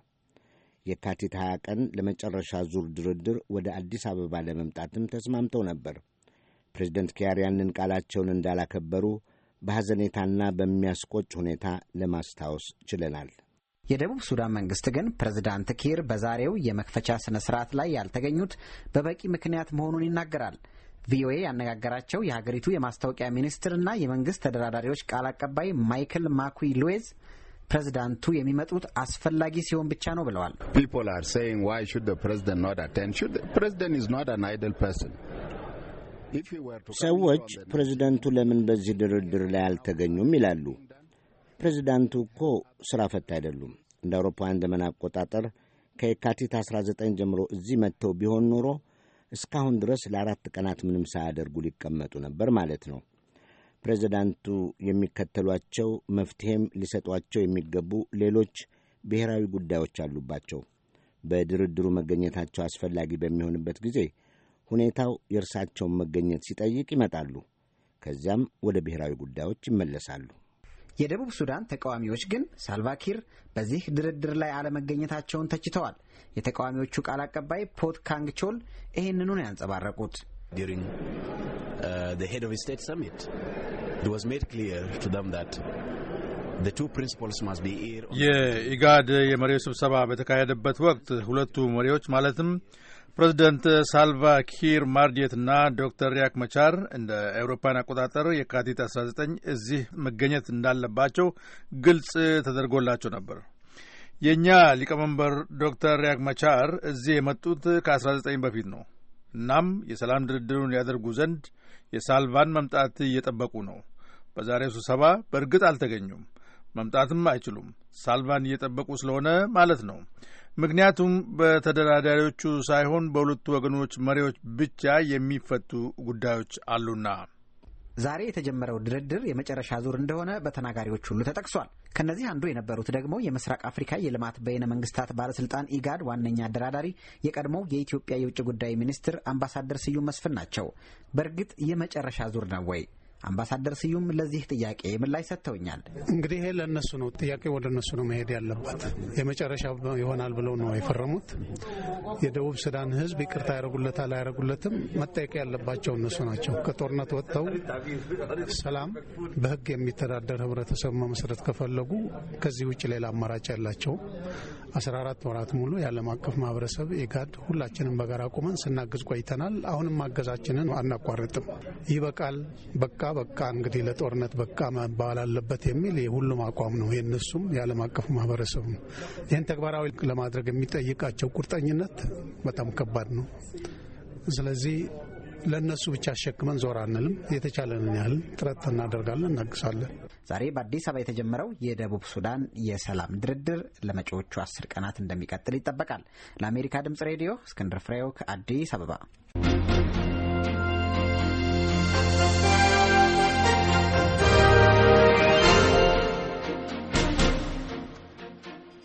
የካቲት 20 ቀን ለመጨረሻ ዙር ድርድር ወደ አዲስ አበባ ለመምጣትም ተስማምተው ነበር። ፕሬዚደንት ኪያር ያንን ቃላቸውን እንዳላከበሩ በሐዘኔታና በሚያስቆጭ ሁኔታ ለማስታወስ ችለናል። የደቡብ ሱዳን መንግስት ግን ፕሬዝዳንት ኪር በዛሬው የመክፈቻ ስነ ስርዓት ላይ ያልተገኙት በበቂ ምክንያት መሆኑን ይናገራል። ቪኦኤ ያነጋገራቸው የሀገሪቱ የማስታወቂያ ሚኒስትርና የመንግስት ተደራዳሪዎች ቃል አቀባይ ማይክል ማኩ ሉዌዝ ፕሬዝዳንቱ የሚመጡት አስፈላጊ ሲሆን ብቻ ነው ብለዋል። ሰዎች ፕሬዝደንቱ ለምን በዚህ ድርድር ላይ አልተገኙም ይላሉ። ፕሬዚዳንቱ እኮ ሥራ ፈት አይደሉም። እንደ አውሮፓውያን ዘመን አቆጣጠር ከየካቲት 19 ጀምሮ እዚህ መጥተው ቢሆን ኖሮ እስካሁን ድረስ ለአራት ቀናት ምንም ሳያደርጉ ሊቀመጡ ነበር ማለት ነው። ፕሬዚዳንቱ የሚከተሏቸው መፍትሔም ሊሰጧቸው የሚገቡ ሌሎች ብሔራዊ ጉዳዮች አሉባቸው። በድርድሩ መገኘታቸው አስፈላጊ በሚሆንበት ጊዜ ሁኔታው የእርሳቸውን መገኘት ሲጠይቅ ይመጣሉ። ከዚያም ወደ ብሔራዊ ጉዳዮች ይመለሳሉ። የደቡብ ሱዳን ተቃዋሚዎች ግን ሳልቫኪር በዚህ ድርድር ላይ አለመገኘታቸውን ተችተዋል። የተቃዋሚዎቹ ቃል አቀባይ ፖት ካንግቾል ይህንኑ ነው ያንጸባረቁት። uh, የኢጋድ የመሪዎች ስብሰባ በተካሄደበት ወቅት ሁለቱ መሪዎች ማለትም ፕሬዚደንት ሳልቫ ኪር ማርዴት እና ዶክተር ሪያክ መቻር እንደ አውሮፓን አቆጣጠር የካቲት 19 እዚህ መገኘት እንዳለባቸው ግልጽ ተደርጎላቸው ነበር። የእኛ ሊቀመንበር ዶክተር ሪያክ መቻር እዚህ የመጡት ከ19 በፊት ነው። እናም የሰላም ድርድሩን ያደርጉ ዘንድ የሳልቫን መምጣት እየጠበቁ ነው። በዛሬው ስብሰባ በእርግጥ አልተገኙም። መምጣትም አይችሉም። ሳልቫን እየጠበቁ ስለሆነ ማለት ነው። ምክንያቱም በተደራዳሪዎቹ ሳይሆን በሁለቱ ወገኖች መሪዎች ብቻ የሚፈቱ ጉዳዮች አሉና። ዛሬ የተጀመረው ድርድር የመጨረሻ ዙር እንደሆነ በተናጋሪዎች ሁሉ ተጠቅሷል። ከእነዚህ አንዱ የነበሩት ደግሞ የምስራቅ አፍሪካ የልማት በይነ መንግስታት ባለስልጣን ኢጋድ ዋነኛ አደራዳሪ የቀድሞው የኢትዮጵያ የውጭ ጉዳይ ሚኒስትር አምባሳደር ስዩም መስፍን ናቸው። በእርግጥ የመጨረሻ ዙር ነው ወይ? አምባሳደር ስዩም ለዚህ ጥያቄ ምላሽ ሰጥተውኛል። እንግዲህ ይሄ ለእነሱ ነው ጥያቄ ወደ እነሱ ነው መሄድ ያለበት። የመጨረሻ ይሆናል ብለው ነው የፈረሙት። የደቡብ ሱዳን ሕዝብ ይቅርታ ያደረጉለታል አያደረጉለትም፣ መጠየቅ ያለባቸው እነሱ ናቸው። ከጦርነት ወጥተው ሰላም በህግ የሚተዳደር ህብረተሰብ መመስረት ከፈለጉ ከዚህ ውጭ ሌላ አማራጭ ያላቸው አስራ አራት ወራት ሙሉ የዓለም አቀፍ ማህበረሰብ ኢጋድ ሁላችንም በጋራ ቁመን ስናግዝ ቆይተናል። አሁንም ማገዛችንን አናቋርጥም። ይበቃል በቃ በቃ እንግዲህ ለጦርነት በቃ መባል አለበት የሚል የሁሉም አቋም ነው። የእነሱም የዓለም አቀፉ ማህበረሰብ ነው። ይህን ተግባራዊ ለማድረግ የሚጠይቃቸው ቁርጠኝነት በጣም ከባድ ነው። ስለዚህ ለእነሱ ብቻ አሸክመን ዞር አንልም። የተቻለንን ያህል ጥረት እናደርጋለን፣ እናግሳለን። ዛሬ በአዲስ አበባ የተጀመረው የደቡብ ሱዳን የሰላም ድርድር ለመጪዎቹ አስር ቀናት እንደሚቀጥል ይጠበቃል። ለአሜሪካ ድምጽ ሬዲዮ እስክንድር ፍሬው ከአዲስ አበባ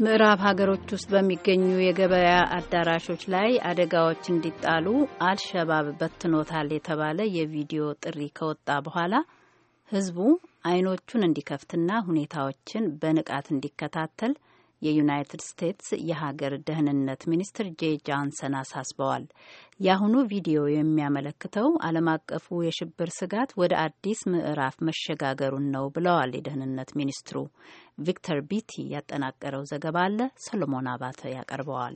ምዕራብ ሀገሮች ውስጥ በሚገኙ የገበያ አዳራሾች ላይ አደጋዎች እንዲጣሉ አልሸባብ በትኖታል የተባለ የቪዲዮ ጥሪ ከወጣ በኋላ ህዝቡ አይኖቹን እንዲከፍትና ሁኔታዎችን በንቃት እንዲከታተል የዩናይትድ ስቴትስ የሀገር ደህንነት ሚኒስትር ጄ ጃንሰን አሳስበዋል። የአሁኑ ቪዲዮ የሚያመለክተው ዓለም አቀፉ የሽብር ስጋት ወደ አዲስ ምዕራፍ መሸጋገሩን ነው ብለዋል የደህንነት ሚኒስትሩ። ቪክተር ቢቲ ያጠናቀረው ዘገባ አለ፣ ሰሎሞን አባተ ያቀርበዋል።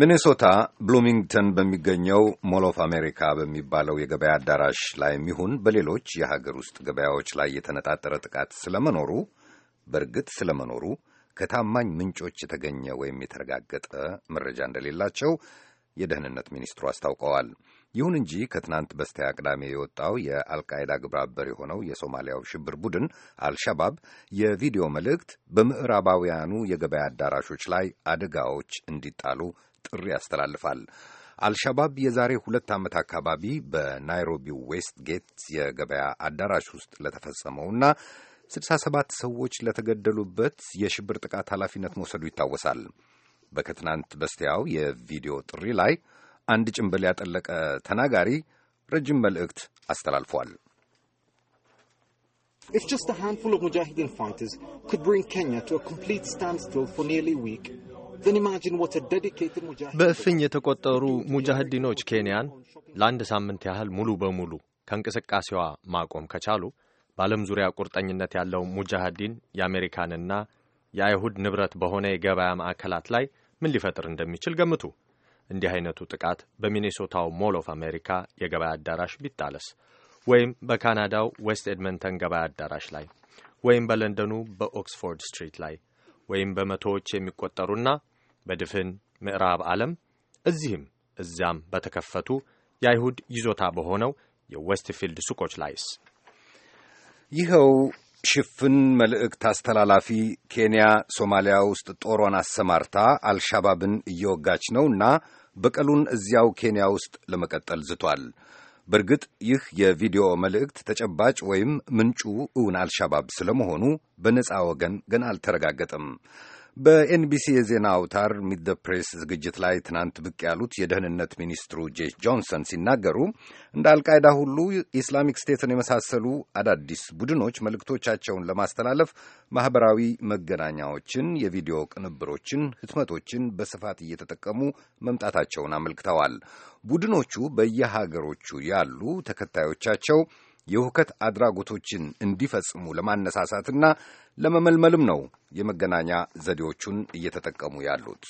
ሚኔሶታ ብሉሚንግተን በሚገኘው ሞል ኦፍ አሜሪካ በሚባለው የገበያ አዳራሽ ላይ የሚሆን በሌሎች የሀገር ውስጥ ገበያዎች ላይ የተነጣጠረ ጥቃት ስለመኖሩ በእርግጥ ስለመኖሩ ከታማኝ ምንጮች የተገኘ ወይም የተረጋገጠ መረጃ እንደሌላቸው የደህንነት ሚኒስትሩ አስታውቀዋል። ይሁን እንጂ ከትናንት በስቲያ ቅዳሜ የወጣው የአልቃይዳ ግብረአበር የሆነው የሶማሊያው ሽብር ቡድን አልሸባብ የቪዲዮ መልእክት በምዕራባውያኑ የገበያ አዳራሾች ላይ አደጋዎች እንዲጣሉ ጥሪ ያስተላልፋል። አልሸባብ የዛሬ ሁለት ዓመት አካባቢ በናይሮቢው ዌስት ጌት የገበያ አዳራሽ ውስጥ ለተፈጸመውና 67 ሰዎች ለተገደሉበት የሽብር ጥቃት ኃላፊነት መውሰዱ ይታወሳል። በከትናንት በስቲያው የቪዲዮ ጥሪ ላይ አንድ ጭንብል ያጠለቀ ተናጋሪ ረጅም መልእክት አስተላልፏል። If just a handful of Mujahideen fighters could bring Kenya to a complete standstill for nearly a week, then imagine what a dedicated Mujahideen... በእፍኝ የተቆጠሩ ሙጃሂዲኖች ኬንያን ለአንድ ሳምንት ያህል ሙሉ በሙሉ ከእንቅስቃሴዋ ማቆም ከቻሉ በዓለም ዙሪያ ቁርጠኝነት ያለው ሙጃሃዲን የአሜሪካንና የአይሁድ ንብረት በሆነ የገበያ ማዕከላት ላይ ምን ሊፈጥር እንደሚችል ገምቱ። እንዲህ አይነቱ ጥቃት በሚኔሶታው ሞል ኦፍ አሜሪካ የገበያ አዳራሽ ቢጣለስ ወይም በካናዳው ዌስት ኤድመንተን ገበያ አዳራሽ ላይ ወይም በለንደኑ በኦክስፎርድ ስትሪት ላይ ወይም በመቶዎች የሚቆጠሩና በድፍን ምዕራብ ዓለም እዚህም እዚያም በተከፈቱ የአይሁድ ይዞታ በሆነው የዌስትፊልድ ሱቆች ላይስ ይኸው ሽፍን መልእክት አስተላላፊ ኬንያ ሶማሊያ ውስጥ ጦሯን አሰማርታ አልሻባብን እየወጋች ነውና በቀሉን እዚያው ኬንያ ውስጥ ለመቀጠል ዝቷል። በእርግጥ ይህ የቪዲዮ መልእክት ተጨባጭ ወይም ምንጩ እውን አልሻባብ ስለመሆኑ በነፃ ወገን ገና አልተረጋገጠም። በኤንቢሲ የዜና አውታር ሚት ፕሬስ ዝግጅት ላይ ትናንት ብቅ ያሉት የደህንነት ሚኒስትሩ ጄ ጆንሰን ሲናገሩ እንደ አልቃይዳ ሁሉ ኢስላሚክ ስቴትን የመሳሰሉ አዳዲስ ቡድኖች መልእክቶቻቸውን ለማስተላለፍ ማኅበራዊ መገናኛዎችን፣ የቪዲዮ ቅንብሮችን፣ ህትመቶችን በስፋት እየተጠቀሙ መምጣታቸውን አመልክተዋል። ቡድኖቹ በየሀገሮቹ ያሉ ተከታዮቻቸው የሁከት አድራጎቶችን እንዲፈጽሙ ለማነሳሳትና ለመመልመልም ነው የመገናኛ ዘዴዎቹን እየተጠቀሙ ያሉት።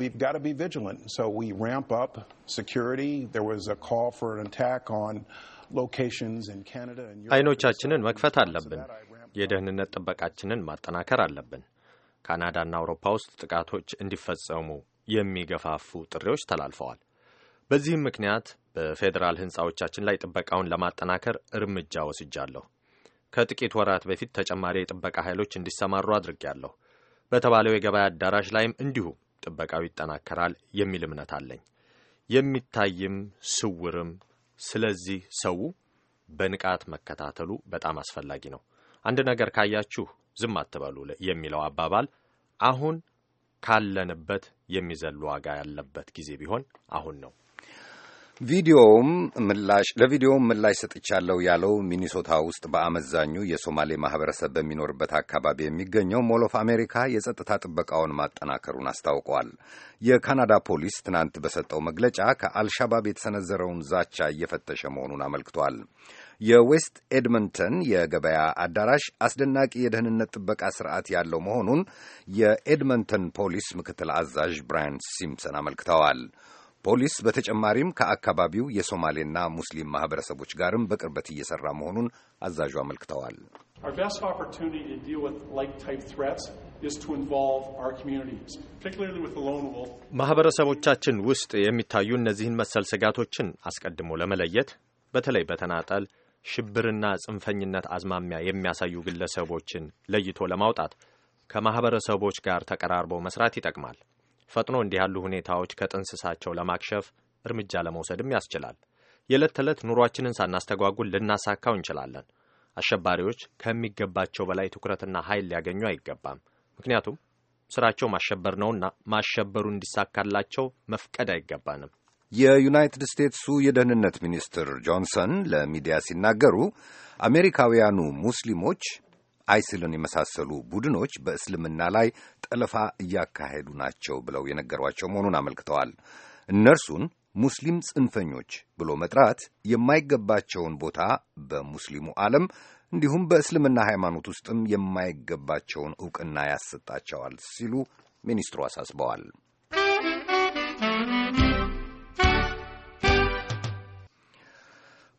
We've got to be vigilant, so we ramp up security. There was a call for an attack on locations in Canada and Europe. አይኖቻችንን መክፈት አለብን። የደህንነት ጥበቃችንን ማጠናከር አለብን። ካናዳና አውሮፓ ውስጥ ጥቃቶች እንዲፈጸሙ የሚገፋፉ ጥሪዎች ተላልፈዋል። በዚህም ምክንያት በፌዴራል ህንፃዎቻችን ላይ ጥበቃውን ለማጠናከር እርምጃ ወስጃለሁ። ከጥቂት ወራት በፊት ተጨማሪ የጥበቃ ኃይሎች እንዲሰማሩ አድርጌያለሁ። በተባለው የገበያ አዳራሽ ላይም እንዲሁ ጥበቃው ይጠናከራል የሚል እምነት አለኝ። የሚታይም ስውርም። ስለዚህ ሰው በንቃት መከታተሉ በጣም አስፈላጊ ነው። አንድ ነገር ካያችሁ ዝም አትበሉ የሚለው አባባል አሁን ካለንበት የሚዘሉ ዋጋ ያለበት ጊዜ ቢሆን አሁን ነው። ቪዲዮውም ምላሽ ለቪዲዮውም ምላሽ ሰጥቻለሁ ያለው ሚኒሶታ ውስጥ በአመዛኙ የሶማሌ ማህበረሰብ በሚኖርበት አካባቢ የሚገኘው ሞል ኦፍ አሜሪካ የጸጥታ ጥበቃውን ማጠናከሩን አስታውቋል። የካናዳ ፖሊስ ትናንት በሰጠው መግለጫ ከአልሻባብ የተሰነዘረውን ዛቻ እየፈተሸ መሆኑን አመልክቷል። የዌስት ኤድመንተን የገበያ አዳራሽ አስደናቂ የደህንነት ጥበቃ ስርዓት ያለው መሆኑን የኤድመንተን ፖሊስ ምክትል አዛዥ ብራያን ሲምፕሰን አመልክተዋል። ፖሊስ በተጨማሪም ከአካባቢው የሶማሌና ሙስሊም ማህበረሰቦች ጋርም በቅርበት እየሰራ መሆኑን አዛዡ አመልክተዋል። ማህበረሰቦቻችን ውስጥ የሚታዩ እነዚህን መሰል ስጋቶችን አስቀድሞ ለመለየት በተለይ በተናጠል ሽብርና ጽንፈኝነት አዝማሚያ የሚያሳዩ ግለሰቦችን ለይቶ ለማውጣት ከማህበረሰቦች ጋር ተቀራርቦ መስራት ይጠቅማል። ፈጥኖ እንዲህ ያሉ ሁኔታዎች ከጥንስሳቸው ለማክሸፍ እርምጃ ለመውሰድም ያስችላል። የዕለት ተዕለት ኑሯችንን ሳናስተጓጉል ልናሳካው እንችላለን። አሸባሪዎች ከሚገባቸው በላይ ትኩረትና ኃይል ሊያገኙ አይገባም። ምክንያቱም ስራቸው ማሸበር ነውና ማሸበሩ እንዲሳካላቸው መፍቀድ አይገባንም። የዩናይትድ ስቴትሱ የደህንነት ሚኒስትር ጆንሰን ለሚዲያ ሲናገሩ አሜሪካውያኑ ሙስሊሞች አይስልን የመሳሰሉ ቡድኖች በእስልምና ላይ ጠለፋ እያካሄዱ ናቸው ብለው የነገሯቸው መሆኑን አመልክተዋል። እነርሱን ሙስሊም ጽንፈኞች ብሎ መጥራት የማይገባቸውን ቦታ በሙስሊሙ ዓለም እንዲሁም በእስልምና ሃይማኖት ውስጥም የማይገባቸውን ዕውቅና ያሰጣቸዋል ሲሉ ሚኒስትሩ አሳስበዋል።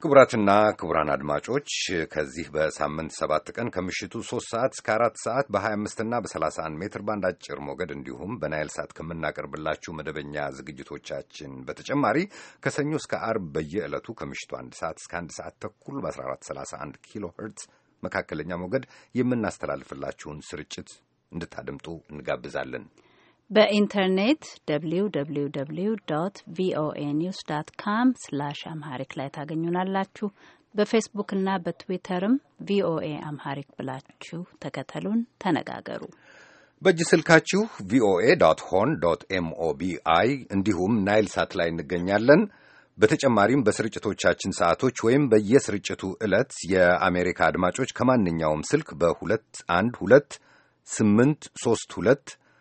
ክቡራትና ክቡራን አድማጮች ከዚህ በሳምንት ሰባት ቀን ከምሽቱ ሶስት ሰዓት እስከ አራት ሰዓት በ25 ና በ31 ሜትር ባንድ አጭር ሞገድ እንዲሁም በናይል ሳት ከምናቀርብላችሁ መደበኛ ዝግጅቶቻችን በተጨማሪ ከሰኞ እስከ አርብ በየዕለቱ ከምሽቱ አንድ ሰዓት እስከ አንድ ሰዓት ተኩል በ አንድ ኪሎ ሄርትዝ መካከለኛ ሞገድ የምናስተላልፍላችሁን ስርጭት እንድታደምጡ እንጋብዛለን። በኢንተርኔት ዶት ቪኦኤ ኒውስ ዶት ካም ስላሽ አምሃሪክ ላይ ታገኙናላችሁ። በፌስቡክና በትዊተርም ቪኦኤ አምሃሪክ ብላችሁ ተከተሉን፣ ተነጋገሩ። በእጅ ስልካችሁ ቪኦኤ ዶት ሆን ዶት ኤምኦቢአይ እንዲሁም ናይል ሳት ላይ እንገኛለን። በተጨማሪም በስርጭቶቻችን ሰዓቶች ወይም በየስርጭቱ ዕለት የአሜሪካ አድማጮች ከማንኛውም ስልክ ስምንት ሶስት 832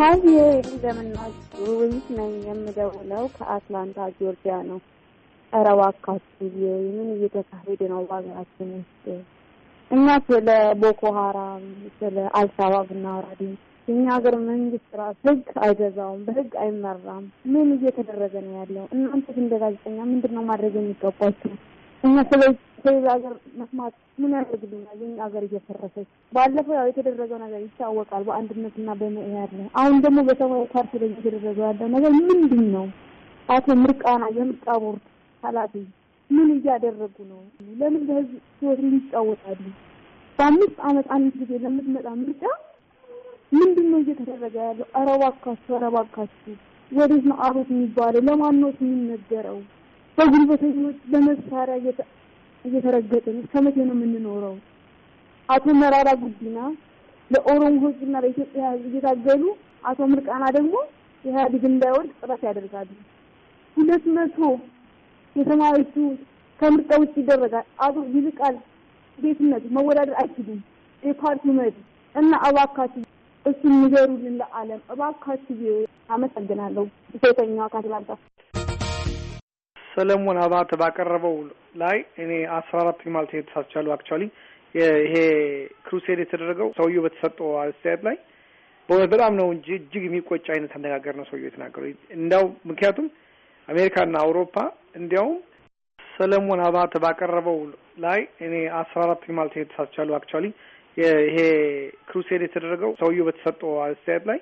ሀይ እንደምናችሁ ውይይት ነኝ የምደውለው ከአትላንታ ጆርጂያ ነው። ኧረ እባካችሁ ምን እየተካሄደ ነው በሀገራችን ውስጥ? እኛ ስለ ቦኮ ሀራም ስለ አልሻባብ እናወራድ የእኛ ሀገር መንግስት ራሱ ህግ አይገዛውም፣ በህግ አይመራም። ምን እየተደረገ ነው ያለው? እናንተ ግን እንደ ጋዜጠኛ ምንድን ነው ማድረግ የሚገባችሁ? እኛ ስለ ስለሌላ ሀገር መስማት ምን ያደርግልናል? የኛ ሀገር እየፈረሰች ባለፈው ያው የተደረገው ነገር ይታወቃል። በአንድነትና በመኢአድ ነው። አሁን ደግሞ በሰማያዊ ፓርቲ ላይ እየተደረገው ያለው ነገር ምንድን ነው? አቶ ምርቃና የምርጫ ቦርድ ኃላፊ ምን እያደረጉ ነው? ለምን በህዝብ ህይወት ይጫወታሉ? በአምስት አመት አንድ ጊዜ ለምትመጣ ምርጫ ምንድን ነው እየተደረገ ያለው? ኧረ እባካችሁ፣ ኧረ እባካችሁ፣ ወዴት ነው አሮት የሚባለው? ለማን ነው የሚነገረው? በጉልበተኞች በመሳሪያ እየተረገጥን እስከ መቼ ነው የምንኖረው? አቶ መራራ ጉዲና ለኦሮሞ ህዝብና ለኢትዮጵያ ህዝብ እየታገሉ አቶ ምርቃና ደግሞ ኢህአዴግ እንዳይወድቅ ጥረት ያደርጋሉ። ሁለት መቶ የሰማያዊቱ ከምርጫ ውጭ ይደረጋል። አቶ ይልቃል ቤትነት መወዳደር አይችሉም። የፓርቲው መሪ እና እባካችሁ እሱን ንገሩልን ለዓለም እባካችሁ። አመሰግናለሁ። ሴተኛው ካትላንታ ሰለሞን አባተ ባቀረበው ላይ እኔ አስራ አራት ማለት የተሳቻሉ አክቹዋሊ ይሄ ክሩሴድ የተደረገው ሰውየው በተሰጠው አስተያየት ላይ በጣም ነው እንጂ እጅግ የሚቆጭ አይነት አነጋገር ነው ሰውየው የተናገረው። እንዲያው ምክንያቱም አሜሪካና አውሮፓ እንዲያውም ሰለሞን አባተ ባቀረበው ላይ እኔ አስራ አራት ማለት የተሳቻሉ አክቹዋሊ ይሄ ክሩሴድ የተደረገው ሰውየው በተሰጠው አስተያየት ላይ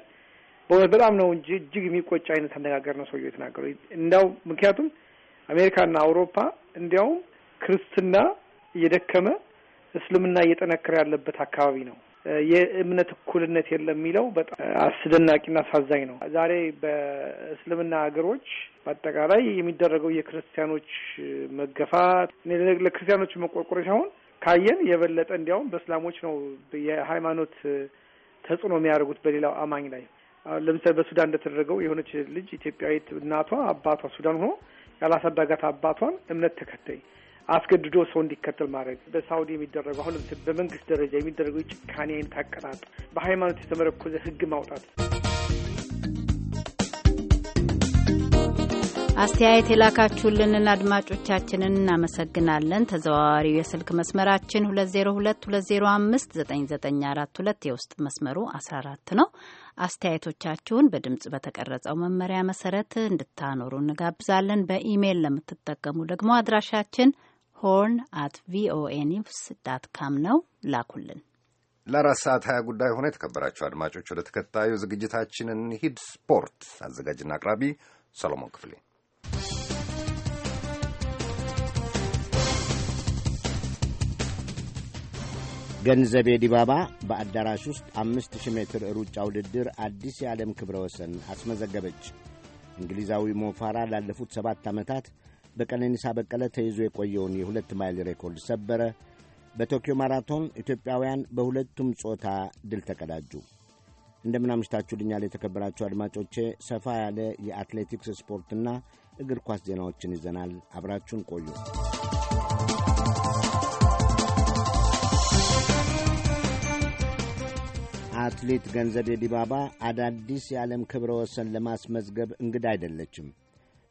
በጣም ነው እንጂ እጅግ የሚቆጭ አይነት አነጋገር ነው ሰውየው የተናገረው። እንዲያው ምክንያቱም አሜሪካና አውሮፓ እንዲያውም ክርስትና እየደከመ እስልምና እየጠነከረ ያለበት አካባቢ ነው። የእምነት እኩልነት የለም የሚለው በጣም አስደናቂና አሳዛኝ ነው። ዛሬ በእስልምና ሀገሮች በአጠቃላይ የሚደረገው የክርስቲያኖች መገፋት ለክርስቲያኖች መቆርቆር ሳይሆን ካየን የበለጠ እንዲያውም በእስላሞች ነው የሃይማኖት ተጽዕኖ የሚያደርጉት በሌላው አማኝ ላይ። ለምሳሌ በሱዳን እንደተደረገው የሆነች ልጅ ኢትዮጵያዊት እናቷ አባቷ ሱዳን ሆኖ ያላሳደጋት አባቷን እምነት ተከታይ አስገድዶ ሰው እንዲከተል ማድረግ በሳውዲ የሚደረገው አሁን በመንግስት ደረጃ የሚደረገው የጭካኔ አይነት አቀጣጥ በሃይማኖት የተመረኮዘ ህግ ማውጣት አስተያየት የላካችሁልንን አድማጮቻችንን እናመሰግናለን። ተዘዋዋሪው የስልክ መስመራችን 2022059942 የውስጥ መስመሩ 14 ነው። አስተያየቶቻችሁን በድምፅ በተቀረጸው መመሪያ መሰረት እንድታኖሩ እንጋብዛለን። በኢሜይል ለምትጠቀሙ ደግሞ አድራሻችን ሆርን አት ቪኦኤ ኒውስ ዳት ካም ነው። ላኩልን። ለአራት ሰዓት ሀያ ጉዳይ ሆነ። የተከበራችሁ አድማጮች ወደ ተከታዩ ዝግጅታችን ሂድ። ስፖርት አዘጋጅና አቅራቢ ሰሎሞን ክፍሌ ገንዘቤ ዲባባ በአዳራሽ ውስጥ አምስት ሺህ ሜትር ሩጫ ውድድር አዲስ የዓለም ክብረ ወሰን አስመዘገበች። እንግሊዛዊ ሞፋራ ላለፉት ሰባት ዓመታት በቀነኒሳ በቀለ ተይዞ የቆየውን የሁለት ማይል ሬኮርድ ሰበረ። በቶኪዮ ማራቶን ኢትዮጵያውያን በሁለቱም ጾታ ድል ተቀዳጁ። እንደምን አምሽታችሁ ልኛል የተከበራችሁ አድማጮቼ። ሰፋ ያለ የአትሌቲክስ ስፖርትና እግር ኳስ ዜናዎችን ይዘናል። አብራችሁን ቆዩ። አትሌት ገንዘቤ ዲባባ አዳዲስ የዓለም ክብረ ወሰን ለማስመዝገብ እንግዳ አይደለችም።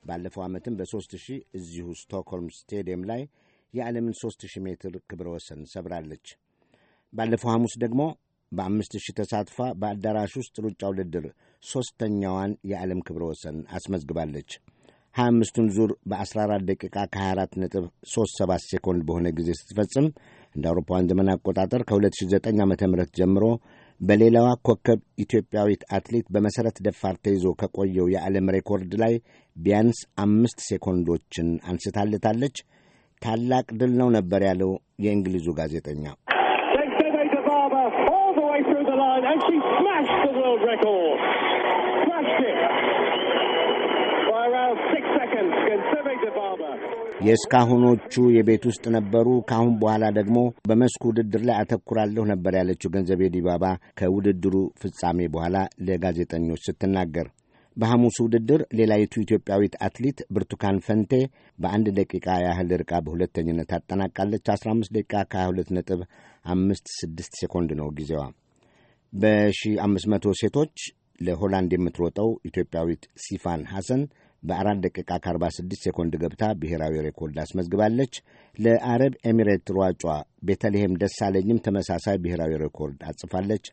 ባለፈው ዓመትም በሦስት ሺህ እዚሁ ስቶክሆልም ስቴዲየም ላይ የዓለምን ሦስት ሺህ ሜትር ክብረ ወሰን ሰብራለች። ባለፈው ሐሙስ ደግሞ በአምስት ሺህ ተሳትፋ በአዳራሽ ውስጥ ሩጫ ውድድር ሦስተኛዋን የዓለም ክብረ ወሰን አስመዝግባለች። 25ቱን ዙር በ14 ደቂቃ ከ24 ነጥብ 37 ሴኮንድ በሆነ ጊዜ ስትፈጽም እንደ አውሮፓውያን ዘመን አቆጣጠር ከ2009 ዓ ም ጀምሮ በሌላዋ ኮከብ ኢትዮጵያዊት አትሌት በመሠረት ደፋር ተይዞ ከቆየው የዓለም ሬኮርድ ላይ ቢያንስ አምስት ሴኮንዶችን አንስታልታለች። ታላቅ ድል ነው ነበር ያለው የእንግሊዙ ጋዜጠኛ። የእስካሁኖቹ የቤት ውስጥ ነበሩ። ከአሁን በኋላ ደግሞ በመስኩ ውድድር ላይ አተኩራለሁ ነበር ያለችው ገንዘቤ ዲባባ ከውድድሩ ፍጻሜ በኋላ ለጋዜጠኞች ስትናገር። በሐሙሱ ውድድር ሌላዪቱ ኢትዮጵያዊት አትሌት ብርቱካን ፈንቴ በአንድ ደቂቃ ያህል ርቃ በሁለተኝነት ታጠናቃለች። 15 ደቂቃ ከ22 ነጥብ 56 ሴኮንድ ነው ጊዜዋ። በ1500 ሴቶች ለሆላንድ የምትሮጠው ኢትዮጵያዊት ሲፋን ሐሰን በአራት ደቂቃ ከ46 ሴኮንድ ገብታ ብሔራዊ ሬኮርድ አስመዝግባለች። ለአረብ ኤሚሬት ሯጯ ቤተልሔም ደሳለኝም ተመሳሳይ ብሔራዊ ሬኮርድ አጽፋለች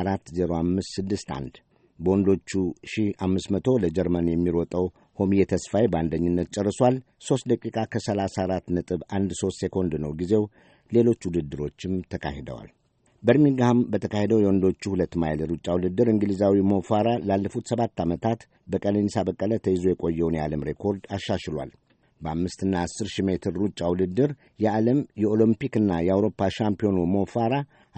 40561። በወንዶቹ 1500 ለጀርመን የሚሮጠው ሆሚዬ ተስፋዬ በአንደኝነት ጨርሷል። 3 ደቂቃ ከ34 ነጥብ 13 ሴኮንድ ነው ጊዜው። ሌሎች ውድድሮችም ተካሂደዋል። በርሚንግሃም በተካሄደው የወንዶቹ ሁለት ማይል ሩጫ ውድድር እንግሊዛዊ ሞፋራ ላለፉት ሰባት ዓመታት በቀነኒሳ በቀለ ተይዞ የቆየውን የዓለም ሬኮርድ አሻሽሏል። በአምስትና አስር ሺህ ሜትር ሩጫ ውድድር የዓለም የኦሎምፒክና የአውሮፓ ሻምፒዮኑ ሞፋራ